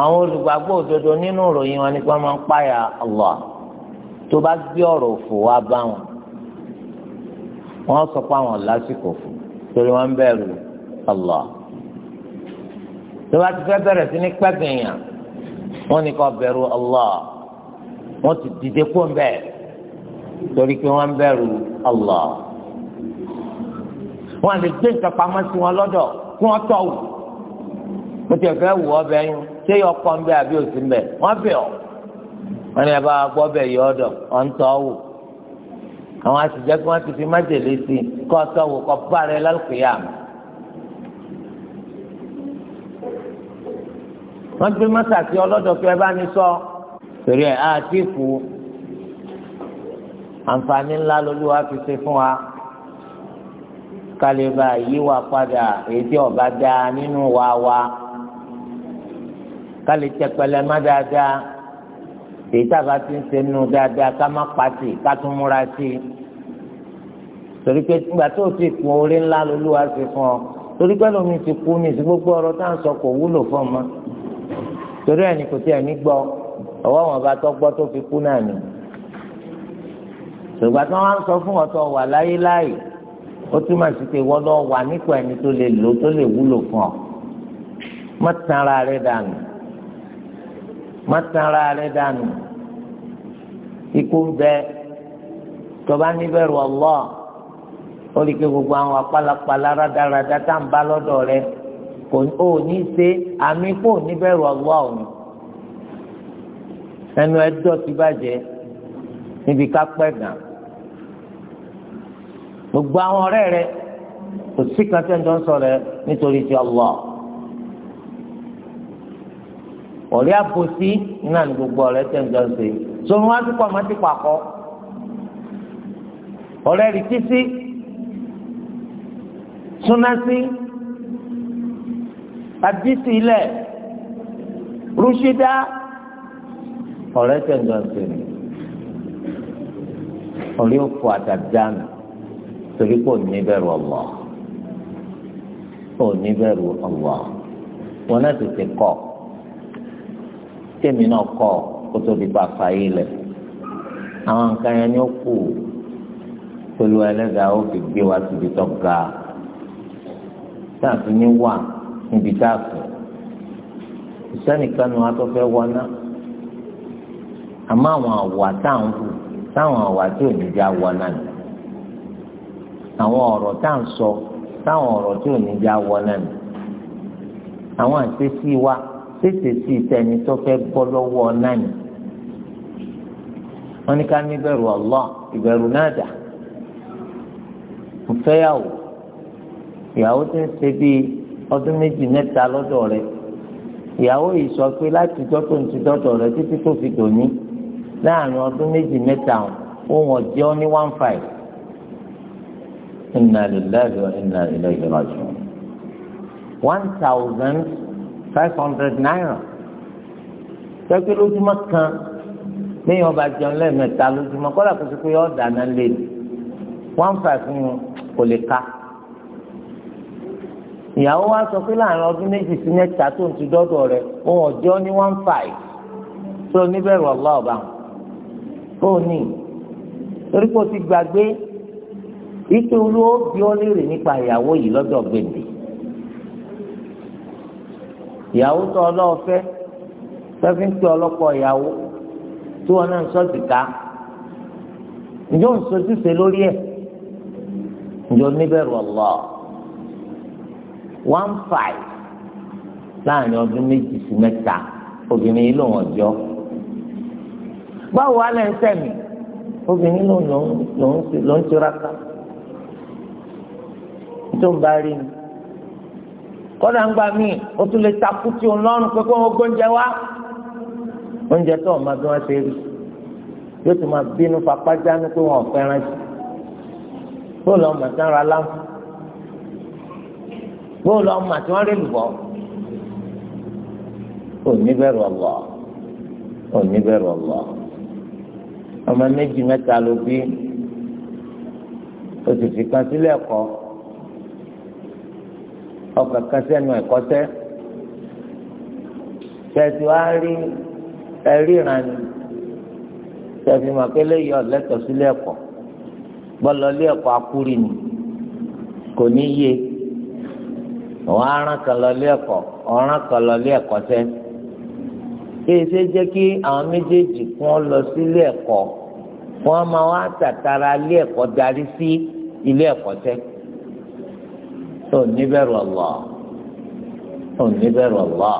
àwọn olùgbàgbọ́ òdodo nínú ìròyìn wọn ni wọ́n máa ń páyà Allah tó bá gbé ọ̀rọ̀ òfò wá bá wọn wọ́n sọ pé àwọn lásìkò fún torí wọ́n ń bẹ̀rù Allah tó bá ti fẹ́ bẹ̀rẹ̀ sí ní pẹ́kìnyàn wọ́n ní kó bẹ̀rù Allah wọ́n ti dìde kó ń bẹ̀ torí pé wọ́n ń bẹ̀rù Allah wọ́n lè gbé nǹkan pamọ́ sí wọn lọ́dọ̀ kí wọ́n tọ̀ wù mo ti fẹ́ wù ọ́ bẹ́ẹ̀ yín ṣé yọ kọ́ ń bẹ́ àbí òsì ń bẹ́ wọ́n bẹ̀ ọ́ wọ́n ní abá gbọ́ bẹ̀ yọ ọ́dọ̀ ọ̀ ń wù àwọn àtijọ́ kí wọ́n ti fi májèlé sí kọ́ tọ́ wù kọ́ bá rẹ lálùkìyàmù wọ́n gbé mọ́sàkì ọlọ́dọ̀ pé ẹ bá ní sọ torí ẹ̀ àti ìkú àǹfààní ńlá lolúwa fi ṣe fún wa kálíba yíwa padà èdè ọba dáa nínú wa wa kálí tẹpẹlẹ má dáadáa èyí tàbá ti ń ṣe nínú dáadáa ká má pàtì ká tún múra sí i torí pé ìgbà tó ti kú orí ńlá lolúwa ṣe fún ọ torí pé lómi ti kú ní ìsí gbogbo ọ̀rọ̀ tá à ń sọ kò wúlò fún ọ mọ́ torí ẹni kò tí ẹni gbọ́ ọwọ́ wọn bá tọ́ gbọ́ tó fi kú náà ni ṣùgbọ́n tí wọ́n á sọ fún ọ̀tọ̀ wà láyé láàyè ó túmọ̀ sí pé wọ́n lọ wà nípa ẹni tó lè lò tó lè wúlò fún ọ má tan rẹ dànù má tan rẹ dànù ikú ń bẹ tọba níbẹ̀rù Allah ó lè ké gbogbo àwọn apálapàla rádaràdá tá à ń bá lọ́dọ̀ rẹ kò ó ní ṣe àmì kò ní bẹ̀rù ọgbà òun ẹnu ẹjọ́ ti bàjẹ́ níbi ká pẹ́ gàn gbogbo àwọn ọ̀rẹ́ rẹ kò sí kan tẹ́ ń jọ sọ̀rọ̀ nítorí ti ọlọ́ ọ̀rẹ́ àbòsí náà ní gbogbo ọ̀rẹ́ tẹ́ ń jọ ṣe sọ̀rọ̀ wá sí pàmò ti pàkọ́ ọ̀rẹ́ rí títí sí àdìsí ilẹ̀ rúṣídá ọ̀rẹ́ tẹ̀gbọ̀nsẹ̀ ni ọ̀rẹ́ òkú àtàdánù torí pé òní bẹ̀rù Allah òní bẹ̀rù Allah wọn náà tètè kọ́ tèmi náà kọ́ kótó di bá fàyè lẹ̀ àwọn nǹkan yẹn ni ó kù pẹ̀lú ẹlẹ́dàá ó fi gbé wa síbi tó ga táà fi ní wà níbi tá a fún ìsẹ́nìkan nu atọ́fẹ́ wọná àmọ́ àwọn àwà tá à ń hù táwọn àwà tí ò ní já wọná ni àwọn ọ̀rọ̀ tá à ń sọ táwọn ọ̀rọ̀ tí ò ní já wọná ni àwọn àṣesí wa tètè sí ìtẹni tó fẹ́ bọ́ lọ́wọ́ náà ni wọ́n ní ká ní ìbẹ̀rù Allah ìbẹ̀rù náà dà mo fẹ́yàwó ìyàwó ti ń ṣe bíi ọdún méjì mẹ́ta lọ́dọ̀ rẹ̀ ìyàwó yìí sọ pé láti dọ́tò ní ti dọ́tò rẹ̀ títí tó fi dòní láàrin ọdún méjì mẹ́ta òun ọ̀jẹ́ ọ ní one five. inna lillahi wa inna ilayhi raji'un one thousand five hundred naira sẹ́kẹ́ lójúmọ́ kan lẹ́yìn ọba jẹun lẹ́ẹ̀mẹ́ta lójúmọ́ kọ́lá kò sí pé ọ̀ dáná lé one five ń kò lè ka. ìyàwó wa sọ pé láàrin ọdún méjì sí mẹ́ta tó ń ti dọ́dọ̀ ohun ní one five tó ní torí pé o ti gbàgbé ike olówó bí ó léèrè nípa ìyàwó yìí lọ́dọ̀ gbèǹdé ìyàwó tó ọlọ́ọ̀fẹ́ ọlọ́pọ̀ ìyàwó tí wọn náà ń sọ ǹjọ́ ń sojúṣe lórí one five láàrin ọdún méjì sí mẹ́ta obìnrin yìí lòun ọjọ́ báwo wà sẹ́mi obìnrin lòun lòun tiraka tó ń bá rí ni kọ́dà ń gba míì o tún lè takùtì òun lọ́rùn pé kó wọn gbóúnjẹ wá oúnjẹ tó ọmọ bí wọ́n ṣe rí yóò tún máa bínú papá bóun lọ mà tí wọ́n rí lùbọ́ òní bẹ̀rù ọ̀lọ́ òní bẹ̀rù ọ̀lọ́ ọmọ méjì mẹ́ta ló bí òtítì kan sílẹ̀ kọ́ ọkọ̀ kan sẹ́nu ẹ̀kọ́ sẹ́ tẹ̀sí wá rí ẹ̀rí ìrànì tẹ̀sí mà pé léyìí ọ̀lẹ́tọ̀ sílẹ̀ kọ́ bọ́lọ̀ lé ẹ̀kọ́ akúrin kò ní yé àwọn aràn kan lọ lé ẹ̀kọ́ ọ̀ràn kan lọ lé ẹ̀kọ́ sẹ́ kéèsè jẹ́ kí àwọn méjèèjì kí wọ́n lọ sílé ẹ̀kọ́ wọ́n máa wá tàtàrà ilé ẹ̀kọ́ darí sí ilé ẹ̀kọ́ sẹ́ tó níbẹ̀rù Allah tó níbẹ̀rù Allah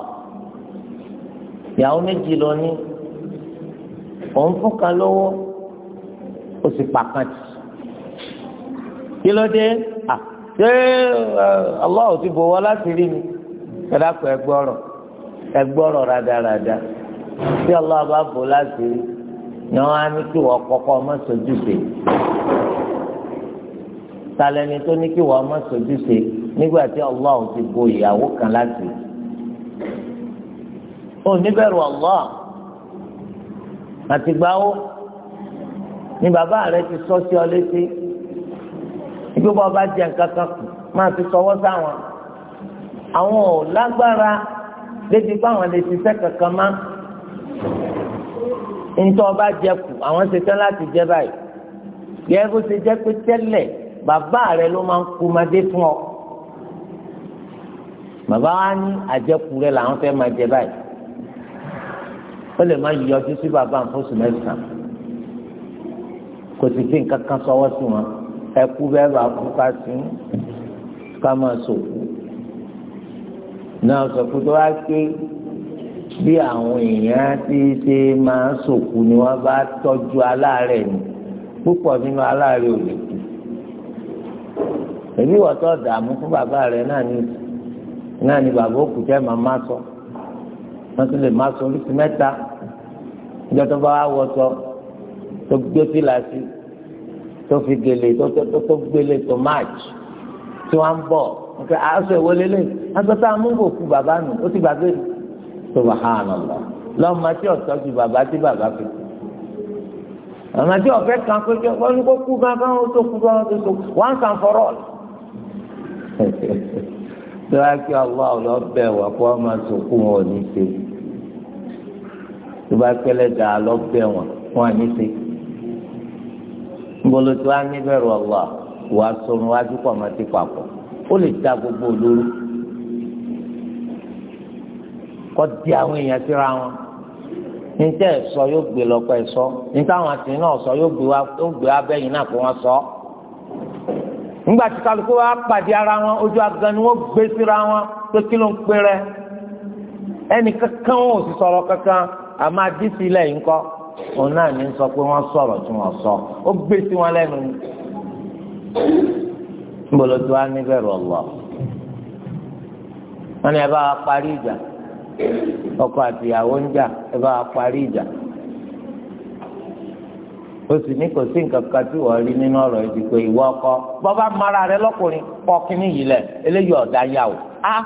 ìyàwó méjì lọ ní òun fún kan lówó ó sì pàkàntì kí ló dé ṣé Allah ò ti bò wọ́n láti rí mi ẹ̀dàpọ̀ ẹgbọ́rọ̀ ẹgbọ́rọ̀ rádaràda tí Allah bá bò láti rí ni wọ́n á ní kí wọ́n kọ́kọ́ ọmọ sojú ṣe talẹ́ni tó ní kí wọ́n ọmọ sojú nígbà tí Allah ò ti bò ìyàwó kan láti rí ó níbẹ̀rù Allah àtìgbà wo ni bàbá rẹ ti sọ sí ọ létí ibi bá ọba jẹ nǹkan kan kù máa fi sọwọ́ sáwọn àwọn ò lágbára débi pé àwọn lè ṣiṣẹ́ kankan má ntọ́ ọba jẹ kù àwọn ṣe tán láti jẹ báyìí yẹ bó ṣe jẹ pé tẹ́lẹ̀ bàbá rẹ ló máa ń kú madé fún ọ bàbá wa ní àjẹkù rẹ làwọn fẹ́ máa jẹ báyìí ó lè má yọjú sí bàbá àǹfọ̀sùn mẹ́sàn-án kò sì fi nǹkan kan sọwọ́ sí wọn ẹkú bẹ́ẹ̀ bá kú ká sí ká máa sòkú náà sòkú tó wá pé bí àwọn èèyàn ti ṣe máa sòkú ni wọ́n bá tọ́jú aláàárẹ̀ ni púpọ̀ nínú aláàárẹ̀ ò lè kú èmi wọ́n tó dààmú fún bàbá rẹ̀ náà ní náà ní bàbá òkùtẹ́ màá má sọ wọ́n tún lè má sọ oríṣi mẹ́ta ìjọ tó bá sọ tó gbé sí i tó fi gèlè tó tó tó gbélé tó máàjì tí wọ́n ń bọ̀ nǹkan aṣọ ìwọlé lè aṣọ tá a mú bò fún bàbá nù ó ti gbàgbé subhanallah lọ́mọ tí ọ̀tọ́ ju bàbá tí bàbá fi kú àwọn àti ọ̀fẹ́ kan pé wọ́n ní kó kú gan gan ó tó kú gan ó tó tó one can for all. tó wá kí ọlọ́ ọ̀lọ́ bẹ̀ wá kó wọ́n máa sòkú wọn ò ní ṣe tó bá pẹ́lẹ́ dà á lọ bẹ̀ wọ́n wọn à ní ṣe. gbọ́dọ̀ tí wàá níbẹ̀rù ọ̀wà wàá sọ̀rọ̀ wájú pọ̀ mọ́ ti papọ̀ ó lè ta gbogbo olóró kọ́ di àwọn èèyàn síra wọn níta ẹ̀sọ́ yóò gbé lọ́pọ̀ ẹ̀sọ́ níta àwọn náà sọ yóò gbé abẹ́yìn náà kó wọ́n sọ nígbà tí kálukú wa pàdé ara wọn ojú agan ni wọ́n gbé síra wọn pé kí ló ń òun náà ní sọ pé wọn sọrọ tí wọ́n sọ ó gbé sí wọn lẹ́nu níbolo tí wọ́n á ní bẹ̀rù ọ̀lọ́ wọ́n ní ẹ bá wa parí ìjà ọkọ àtìyàwó ń jà ẹ bá wa parí ìjà O sì ní kò sí nǹkan kan tí wọ́n rí nínú ọ̀rọ̀ yìí pé ìwọ ọkọ bọ́bá mara rẹ lọkùnrin kọ́ kínní yìí lẹ̀ eléyìí ọ̀dà yà ó a ah!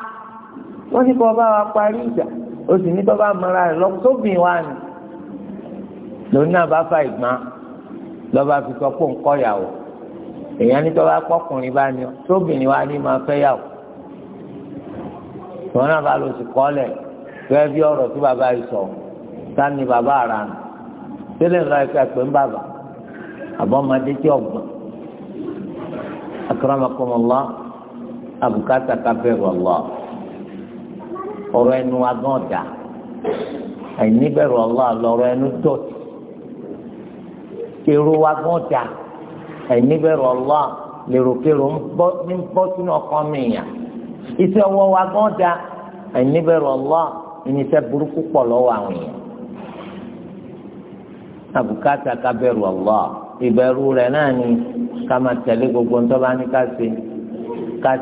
wọ́n ní kó bá wa parí ìjà O sì ní bọ́bá mara rẹ lọkùnrin tó bìn wá ni. lòun náà bá fa ìgbọ́n lọ́ba fi sọ pé ńkọ́ yàwó èèyàn ní tọ́ba pọ́kùnrin bá ní tóbìnrin wa ní máa fẹ́ yàwó lòun náà bá lọ sí kọ́lẹ̀ fẹ́ẹ́ bí ọ̀rọ̀ tí bàbá yìí sọ sani bàbá ara nù tẹ́lẹ̀ ńlá ẹ̀ka ẹ̀pẹ́ ń bàbà àbọ̀mọdé tí ọ̀gbọ̀n ọ̀rọ̀ ẹnu ọ̀dà ẹnu dọ̀tí. èrò wa gbọ́n dà ẹ̀ní bẹ̀rù Allah lèròkèrò ń bọ́ sínú ọkàn mi yàn iṣẹ́ ọwọ́ wa gbọ́n dà ẹ̀ní bẹ̀rù Allah ìníṣẹ́ burúkú pọ̀ lọ́wọ́ àwọn èèyàn àbùkátà ká bẹ̀rù Allah ìbẹ̀rù rẹ̀ náà ni ká máa tẹ̀lé gbogbo ń tọ́ba ní ká ṣe ká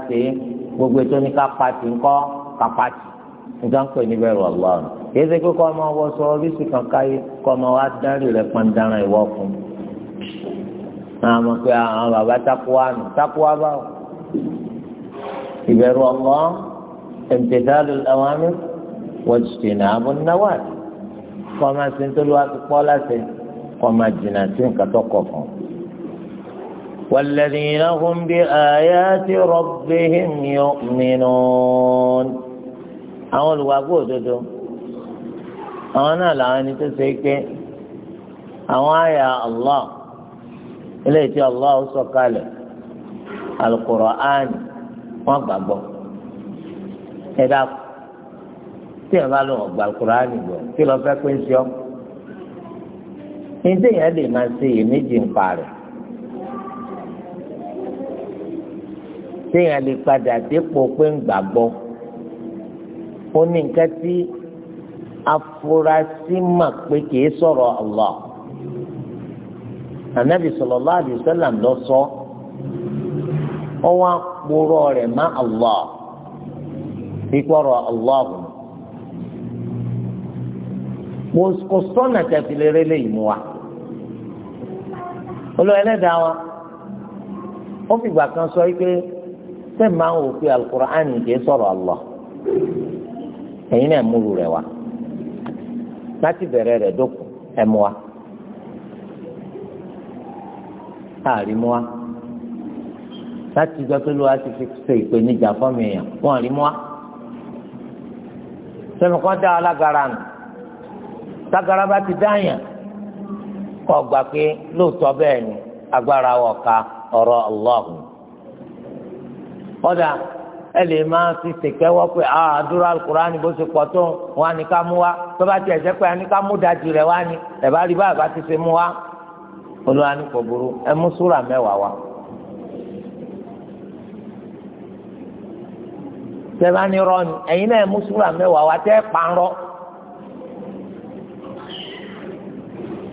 gbogbo ètò ní ká pàtì ńkọ́ ká pàtì nǹkan pè ní bẹ̀rù Allah yéé ṣe pé kọ́ ọmọ wọ kankan yìí kọ́ wa dárí rẹ̀ pọ́n dáná ìwọ́ fún un àwọn pé àwọn bàbá takuwa nù takuwa báwò ìbẹ̀rù Allah imtithalu al-awamir wajtinabu an-nawahi kọ́ máa ṣe ń tó lọ́wọ́ ti pọ́ láti kọ́ máa jìnnà sí nǹkan tó kọ̀ fún والذين هم بآيات ربهم يؤمنون àwọn olùwàgbọ́ أنا لا أنت làwọn ẹni tó ṣe eléyìí tí Allah sọ̀kalẹ̀ Al-Qur'an wọn gbàgbọ́ ẹ dákú tí ẹ bá lọ ọgbà Al-Qur'an gbọ́ kí lọ fẹ́ pé ń ṣe ní téèyàn lè máa ṣe iyèméjì ń parẹ téèyàn lè padà dépò pé ń ó anabi sallallahu alayhi wa sallam lọ sọ ọ wá kpọrọ má allah ìkpọrọ allah kò sọnà tẹfìlẹrẹ lẹ́yìn mu wa wa ó fìgbà kan sọ yìí pé máa ń wò pé alukur'an kìí sọ̀rọ̀ allah ẹ̀yin náà múlu wa láti àárí mú wa láti gbọ́ pé lóra ti fi ṣe ìpèníjà fọ́ọ̀mù èèyàn wọ́n rí mọ́ wa sẹ́mi kan dá alágara nù bá ti dáyàn kọ́ gbà pé lóòótọ́ bẹ́ẹ̀ ni agbára wọ̀ ọ̀rọ̀ ọlọ́hùn kọ́dà ẹ lè máa fi pé ah, àdúrà bó ṣe pọ̀ tó wọn ká mú wa tó bá pé a olúwa ní kò burú ẹ mú súrà mẹ́wàá wá. tẹ́lá ní rọ́ ni ẹ̀yin náà mú súrà mẹ́wàá wá tẹ́ parọ́.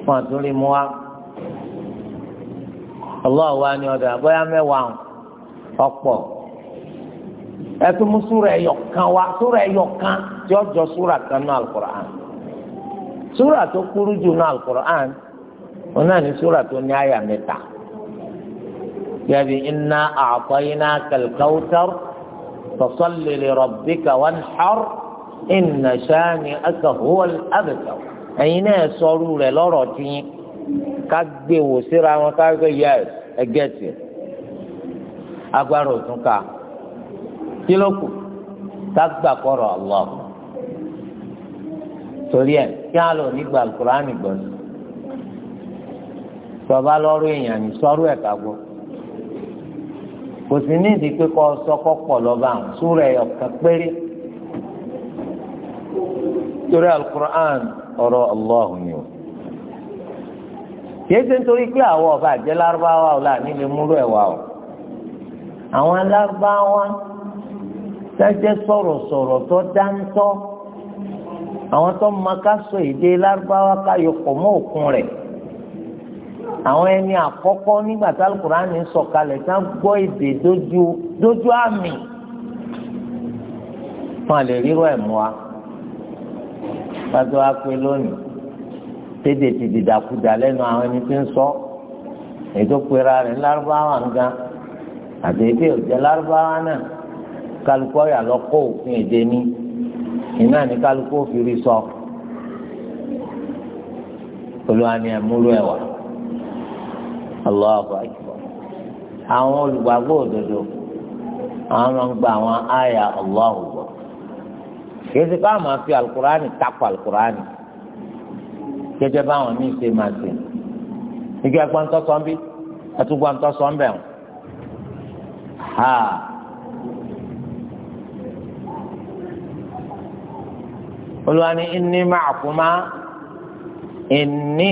fún àtúndì mú wa ọlọ́ọ̀ wa ni ọ̀dọ̀ àbọ̀yá mẹ́wàá ọ̀pọ̀ ẹ tún mú súrà ẹ̀yọ̀ kan súrà ẹ̀yọ̀ tí ó súrà kan náà Al-Qur'an súrà tó kúrú jù náà Al-Qur'an wọn náà ní sóra tó ní àyà mẹ́ta yàbí inna a'tainaka al-kawthar fasalli li rabbika wanhar inna shani'aka huwal abtar ẹ̀yin náà sọrú rẹ̀ lọ́rọ̀ tiyín ká gbé wò síra wọn ká gbé yẹ ẹgẹ́ tiẹ̀ agbára òtún ká kí ló kù ká gbà Allah torí ẹ̀ kí á lọ nígbà Al-Qur'ani tọba lọ́rọ̀ èèyàn ní sọ́rọ̀ ẹ̀ ká gbọ́ kò sí ní ìdí pé kọ́ sọ́kọ́ pọ̀ lọ́ba àwọn súnrẹ̀ ọ̀kan péré torí alukur'an ọ̀rọ̀ allah ni o kìí ṣe nítorí pé àwọn ọba àjẹ lárúbáwá ọ̀la nílé múlò ẹ̀wà o àwọn alárúbáwá sájẹ́ sọ̀rọ̀sọ̀rọ̀ tó dáńtọ́ àwọn tó máa ká sọ èdè lárúbáwá ká yọ pọ̀ mọ́ òkun rẹ̀ àwọn ẹni àkọ́kọ́ nígbà tí alukurani ń sọ̀kalẹ̀ tí wọ́n gbọ́ èdè dójú dójú àmì wọn lè rírọ ẹ̀ mọ́ wa pàtó wa pé lónìí tètè ti dìdàkudà lẹ́nu àwọn ẹni tí ń sọ ètò pera rẹ̀ ńlárúbáwá nǹkan àti ètò ìjẹ́ lárúbáwá náà kálukú ọ̀yà lọ́kọ́ òfin èdè ní iná ní kálukú òfin rí sọ olùwàní ẹ̀múlò ẹ̀wà. Allahu Akbar àwọn olùgbàgbọ́ òdodo àwọn máa ń gba àwọn àyà Allahu gbọ́ kìí máa fi alukurani takọ alukurani gẹ́gẹ́ báwọn míì ṣe máa ṣe igi agbọ́ntọ́ sọ́nbí ẹtùgbọ́ntọ́ sọ́nbẹ̀ wọn ha ni inni ma'akuma inni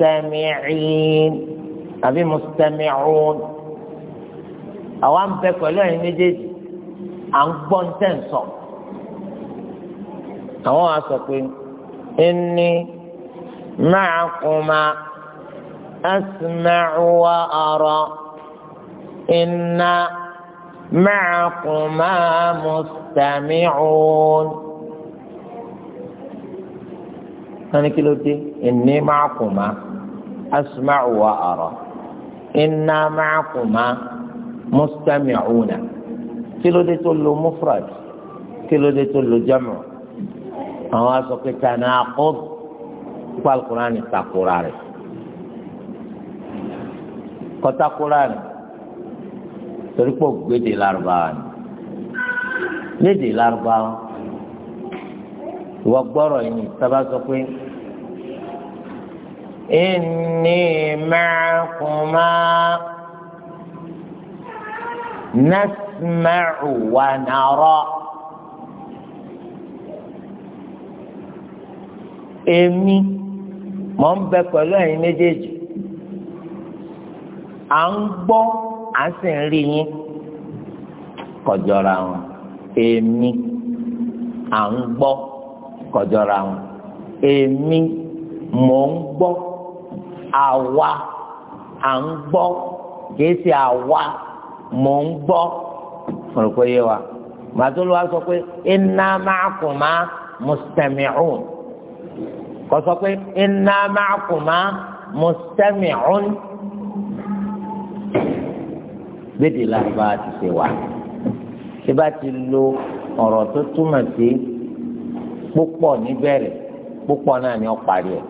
mustami'in àbí mustami'un àwa ń bẹ pẹ̀lú ẹ̀yin méjèèjì à ń gbọ́ ní àwọn wa sọ pé ma'akuma asma'u wa inna ma'akuma mustami'un inni asma'u wa ara inna ma'akuma mustami'una kí ló dé tó lo mufrad kí ló dé tó lo jamu àwọn aṣọ pé tanaqud pa alukurani takura rẹ̀ kọtakura rẹ̀ torí pé ògbédè lárúbáwá ni lédè lárúbáwá ìwọ gbọ́rọ̀ yìí sábà sọ pé. إني معكما نسمع ونرى èmi mò ń bẹ pẹ̀lú ẹ̀yin méjèèjì à ń gbọ́ à ń sì ń rí yín kọjọra wọn èmi à ń gbọ́ kọjọra wọn èmi mò ń gbọ́ àwa à ń gbọ́ kìí ṣe àwa mò ń gbọ́ fún ìkó yé wa màtúlù wa sọ pé inna ma'akuma mustami'un kò sọ pé inna ma'akuma mustami'un gbèdè làbá ti ṣe wà ṣé bá ti lo ọ̀rọ̀ tó túmọ̀ sí púpọ̀ níbẹ̀rẹ̀ púpọ̀ náà ni ó parí ẹ̀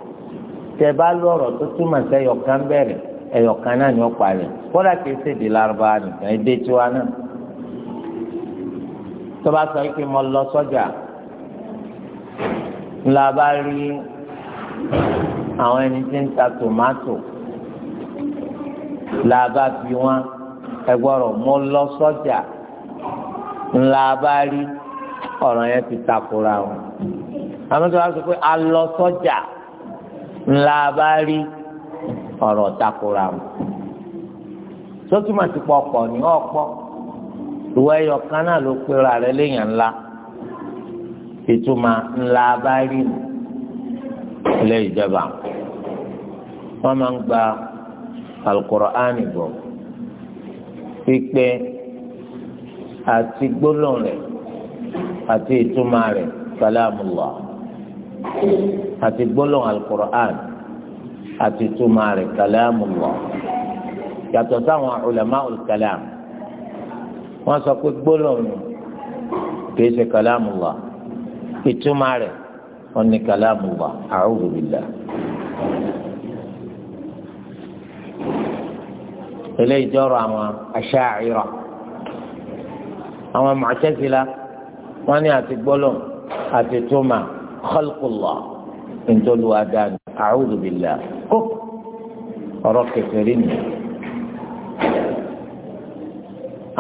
tẹ bá lọ́rọ̀ tó túmọ̀ sí ẹyọkan bẹ̀rẹ̀ ẹyọkan náà ni ó parí kódà kìí ṣèdè lárúbá nìkan èdè tiwa náà tó bá sọ pé mo lọ sọ́jà ńlá bá rí àwọn ẹni tí ń ta tòmátò la bá fi wọn ẹgbọrọ mo lọ sọ́jà ńlá bá rí ọ̀rọ̀ yẹn ti takora wọn àmọ́ tó bá sọ pé a lọ sọ́jà. So ńlá bá rí ọ̀rọ̀ takora mu sótúmọ̀ ti pọ̀ ọ̀pọ̀ ní ọ̀pọ̀ ìwọ ẹyọ kan náà ló pera rẹ léèyàn ńlá ìtumọ̀ ńlá bá rí mu ilé ìjọba wọn máa ń gba Al-Qur'ani bọ̀ àti gbólóhùn àti gbólóhùn alukur'an àti túmọ̀ rẹ̀ kalamullah yàtọ̀ sáwọn ulama'ul kalam wọ́n sọ pé gbólóhùn kìí ṣe kalamullah ìtumọ̀ rẹ̀ wọ́n ní kalamullah a'udhu billah. eléyìí jọrọ àwọn aṣááírà àwọn mu'tazila wọ́n ní àti gbólóhùn àti túmọ̀ khalqullah ntọ́luwa dání a'udhu billah kó ọ̀rọ̀ kẹfẹ́rẹ́ nì.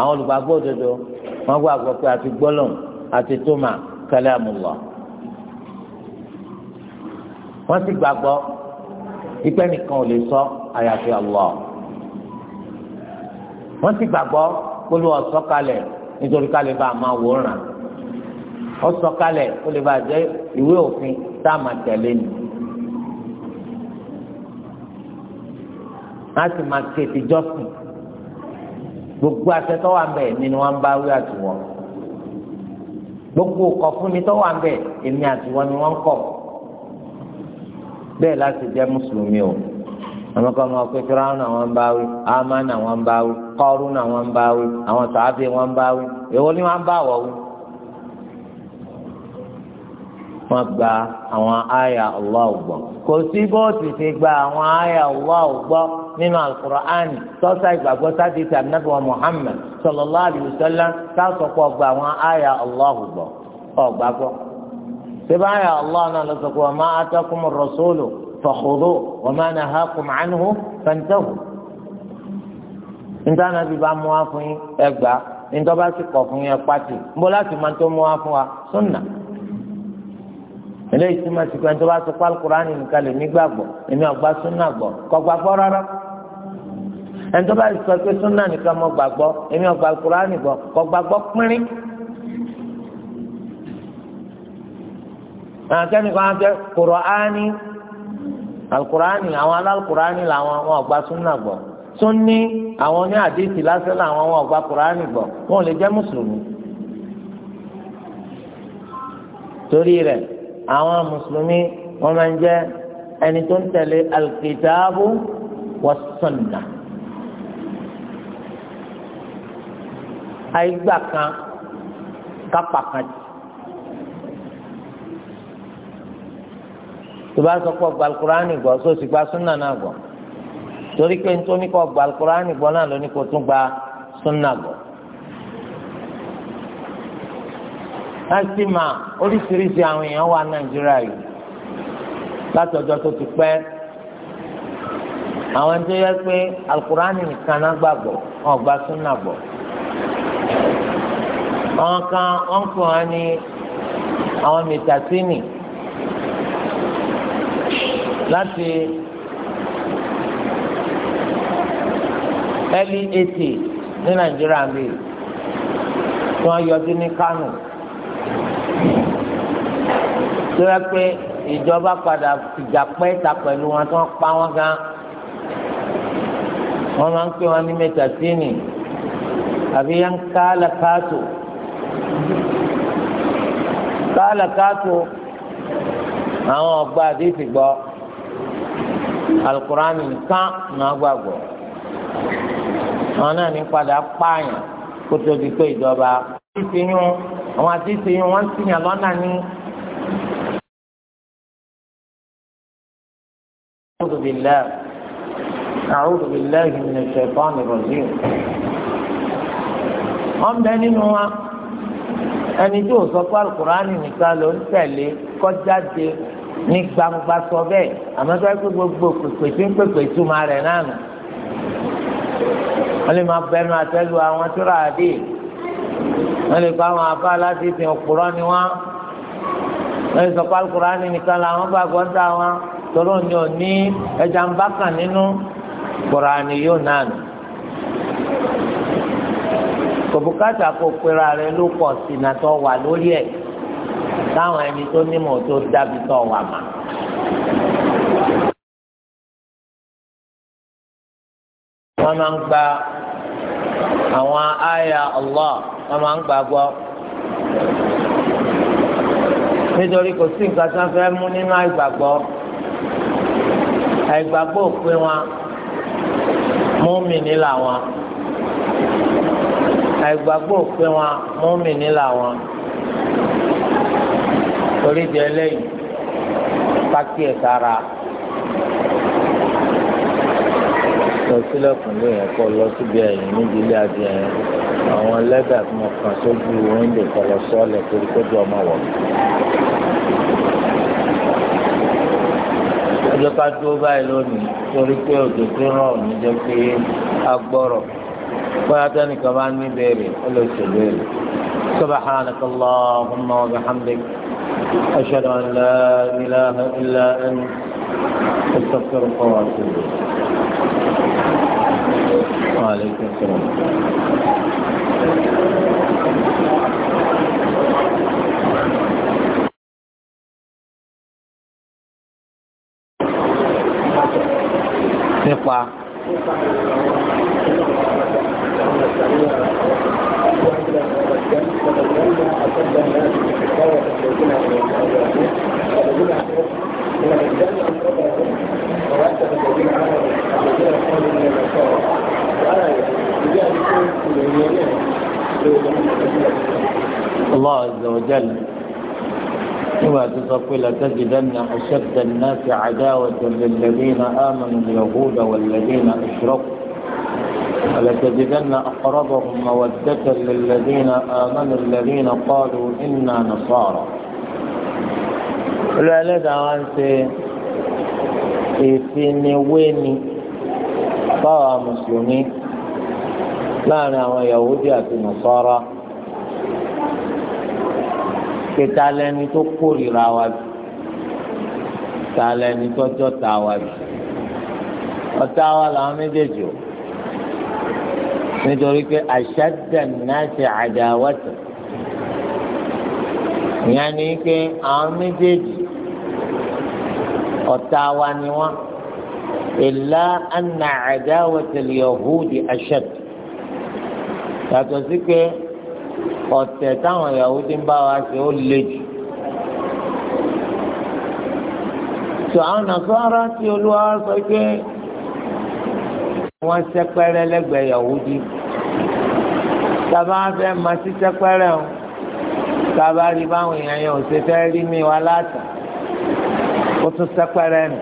àwọn olùgbàgbọ́ òdodo wọ́n gbàgbọ́ pé àti gbólóhùn àti tóma kalamullah. wọ́n sì gbàgbọ́ ìpè nìkan ò lè sọ àyàfi Allah. wọ́n sì gbàgbọ́ pé Olúwa sọ̀kalẹ̀ nítorí ká bá a máa wòran ó sọ̀kalẹ̀ ó lè bá jẹ́ ìwé òfin tá a máa tẹ̀lé ni. a sì máa kéde jọ́sìn gbogbo àṣẹ tó wà ńbẹ̀ ni wọ́n bá wí àtiwọ́ gbogbo kọ̀fúnni tó wà ńbẹ̀ èmi àtiwọ́ ni wọ́n kọ̀ bẹ́ẹ̀ láti jẹ́ mùsùlùmí o àwọn kan máa pe firawo náà wọn bá wí ama náà wọn bá wí kọrú náà wọn bá wí àwọn sàábì wọn bá wí èwo ni wọn bá wọ wí wọ́n gba àwọn àyà Allah gbọ́ kò sí bó ti ṣe gba àwọn àyà Allah gbọ́ nínú alukur'ani tọ́sà ìgbàgbọ́ sádìsì ànábì wa Muhammad sallallahu alaihi wasallam sásọpọ̀ gba àwọn àyà Allah gbọ́ ọ̀gbàgbọ́ sẹ́bà àyà Allah náà lọ́sọ̀kọ̀ wa ma atakumu rasulu fakhudhu wa ma nahakum anhu fantahu níta náà bí bá mú wa fún yín ẹgbàá níta bá eléyìí túmọ̀ sí pé tó bá sọ pálukùránì nìkan lè mí gbàgbọ́ èmi ọ̀gbá súnà gbọ́ kọ́ gbàgbọ́ rárá ẹni tó bá sọ pé súnà nìkan mo gbàgbọ́ èmi ọ̀gbá kùránì gbọ́ kọ́ gbàgbọ́ pínrín. àkẹ́ni kan jẹ́ kùránì alukùránì àwọn alálùkùránì làwọn àwọn ọ̀gbá súnà gbọ́ súnni àwọn ní àdéhìí lásán làwọn àwọn ọ̀gbá kùránì gbọ́ wọn ò lè jẹ́ mùsùlùmí torí rẹ̀ àwọn mùsùlùmí wọ́n máa ń jẹ́ ẹni tó ń tẹ̀lé alkitaabu wa sunna. àyígbà kan kápá kan jù. tó bá sọ pé ọgbà alukurani gbọ́ sọ sì gba sunna náà gbọ́ torí pé nítorí kọ́ ọgbà alukurani gbọ́ náà ló ní kó tún gba sunna gbọ́. lásìmà oríṣiríṣi àwọn èèyàn wà nàìjíríà yìí látọjọ́ tó ti pẹ́ àwọn tó yẹ pé alukurani nìkan náà gbàgbọ́ wọn gba súnà gbọ́ àwọn kan wọn kò wọn ní àwọn mìtàsínì láti early eighty ní nàìjíríà bíi tí wọn yọjú ní kánò tó yẹ pé ìjọba padà fìjà pẹ́ ta pẹ̀lú wọn tó ń pa wọn gan wọn máa ń pè wọn ní mẹtàtínì àbí yẹn ń ká làkàtò ká làkàtò àwọn ọgbà àdéhìí gbọ́ alukurani nìkan náà gbàgbọ́ àwọn náà ní padà pààyàn kó tó di pé ìjọba àti ìsìn yún àwọn àti ìsìn wọn ń sìn lọ́nà ní. أعوذ بالله أعوذ بالله من الشيطان الرجيم wọ́n bẹ nínú wa ẹni tí ò sọ pé alukurani nìkan ló ń tẹ̀lé kọjáde ní gbangba sọ bẹ́ẹ̀ àmọ́ sọ pé gbogbo pèpè tí ń pèpè túmọ̀ rẹ̀ náà nù. lè máa bẹnu àtẹ́lu àwọn tíra àdé wọ́n lè kọ́ àwọn afá láti fi òpùrọ́ ni wọ́n wọ́n lè sọ pé alukurani nìkan làwọn gbàgbọ́ ń ta tọ́lọ́ ni ò ní ẹja ń bá kàn nínú Kùránì yóò náà nù. kòbùkátà kò pera rẹ ló pọ̀ sí iná tó wà lórí ẹ̀ táwọn ẹni tó nímọ̀ tó dábì tó wà mà. wọ́n máa ń gba àwọn àyà Allah wọ́n máa ń gbàgbọ́ nítorí kò sí nǹkan tí wọ́n fẹ́ mú nínú àìgbàgbọ́ òpin wọn mùmínì làwọn àìgbàgbọ́ òpin wọn mùmínì làwọn torí di ẹlẹ́yìn pákí ẹ̀ sára lọ sílẹ̀kùn ló yẹ kọ́ lọ síbi ẹ̀yìn níbi ilé adìẹ yẹn àwọn ẹlẹ́dàá tí mo kàn sójú wíńdò kọ́ lọ sọ́ọ̀lẹ̀ torí kó di ọmọ wọ̀. ọjọ́ ká dúró báyìí lónìí torí pé òjò tó rán ní jẹ́ pé a gbọ́rọ̀ bóyá tẹ́nìkan bá ní bẹ̀rẹ̀ ó lè ṣe béèrè. سبحانك اللهم وبحمدك أشهد أن لا إله إلا أنت أستغفرك وأتوب إليك وعليكم السلام Thank you. واتق لتجدن أشد الناس عداوة للذين آمنوا اليهود والذين أشركوا ولتجدن أقربهم مودة للذين آمنوا الذين قالوا إنا نصارى olùwàlẹ́dà wa ń ṣe ìfiniwéni pé ta lẹni tó kórìíra wa jù ta lẹni tọ́jọ́ ta wa jù ọ̀tá wa làwọn méjèèjì o nítorí pé àṣàdàn náà ṣe àdáwàtà ìyá ni pé àwọn méjèèjì ọ̀tá wa ni wọ́n ìlà àna àdáwàtà lè yọ̀húdì àṣàd yàtọ̀ sí pé ọ̀tẹ̀ táwọn Yahudi ń bá wa ṣe ó le jù. tó àwọn Nasara tí Olúwa sọ pé wọ́n sẹ́pẹ́rẹ́ lẹ́gbẹ̀ẹ́ Yahudi tàbá fẹ́ máa sí sẹ́pẹ́rẹ́ o tàbá rí báwọn èèyàn yẹn ò ṣe fẹ́ rí mi wá láta ó tún sẹ́pẹ́rẹ́ nù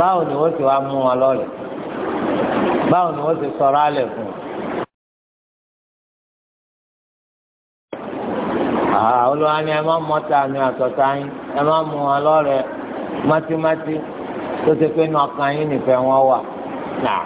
báwo ni wọ́n ti wá mú wọn lọ́lẹ̀ báwo ni wọ́n ti sọ̀rọ̀ alẹ̀ fún olùwà ni ẹ máa mọ ta mi àtọ̀tà yín ẹ máa mú wọn lọ́rẹ̀ẹ́ mátímátí tó ṣe pé nù ọkàn yín nìfẹ́ wọn wà náà.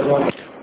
that one.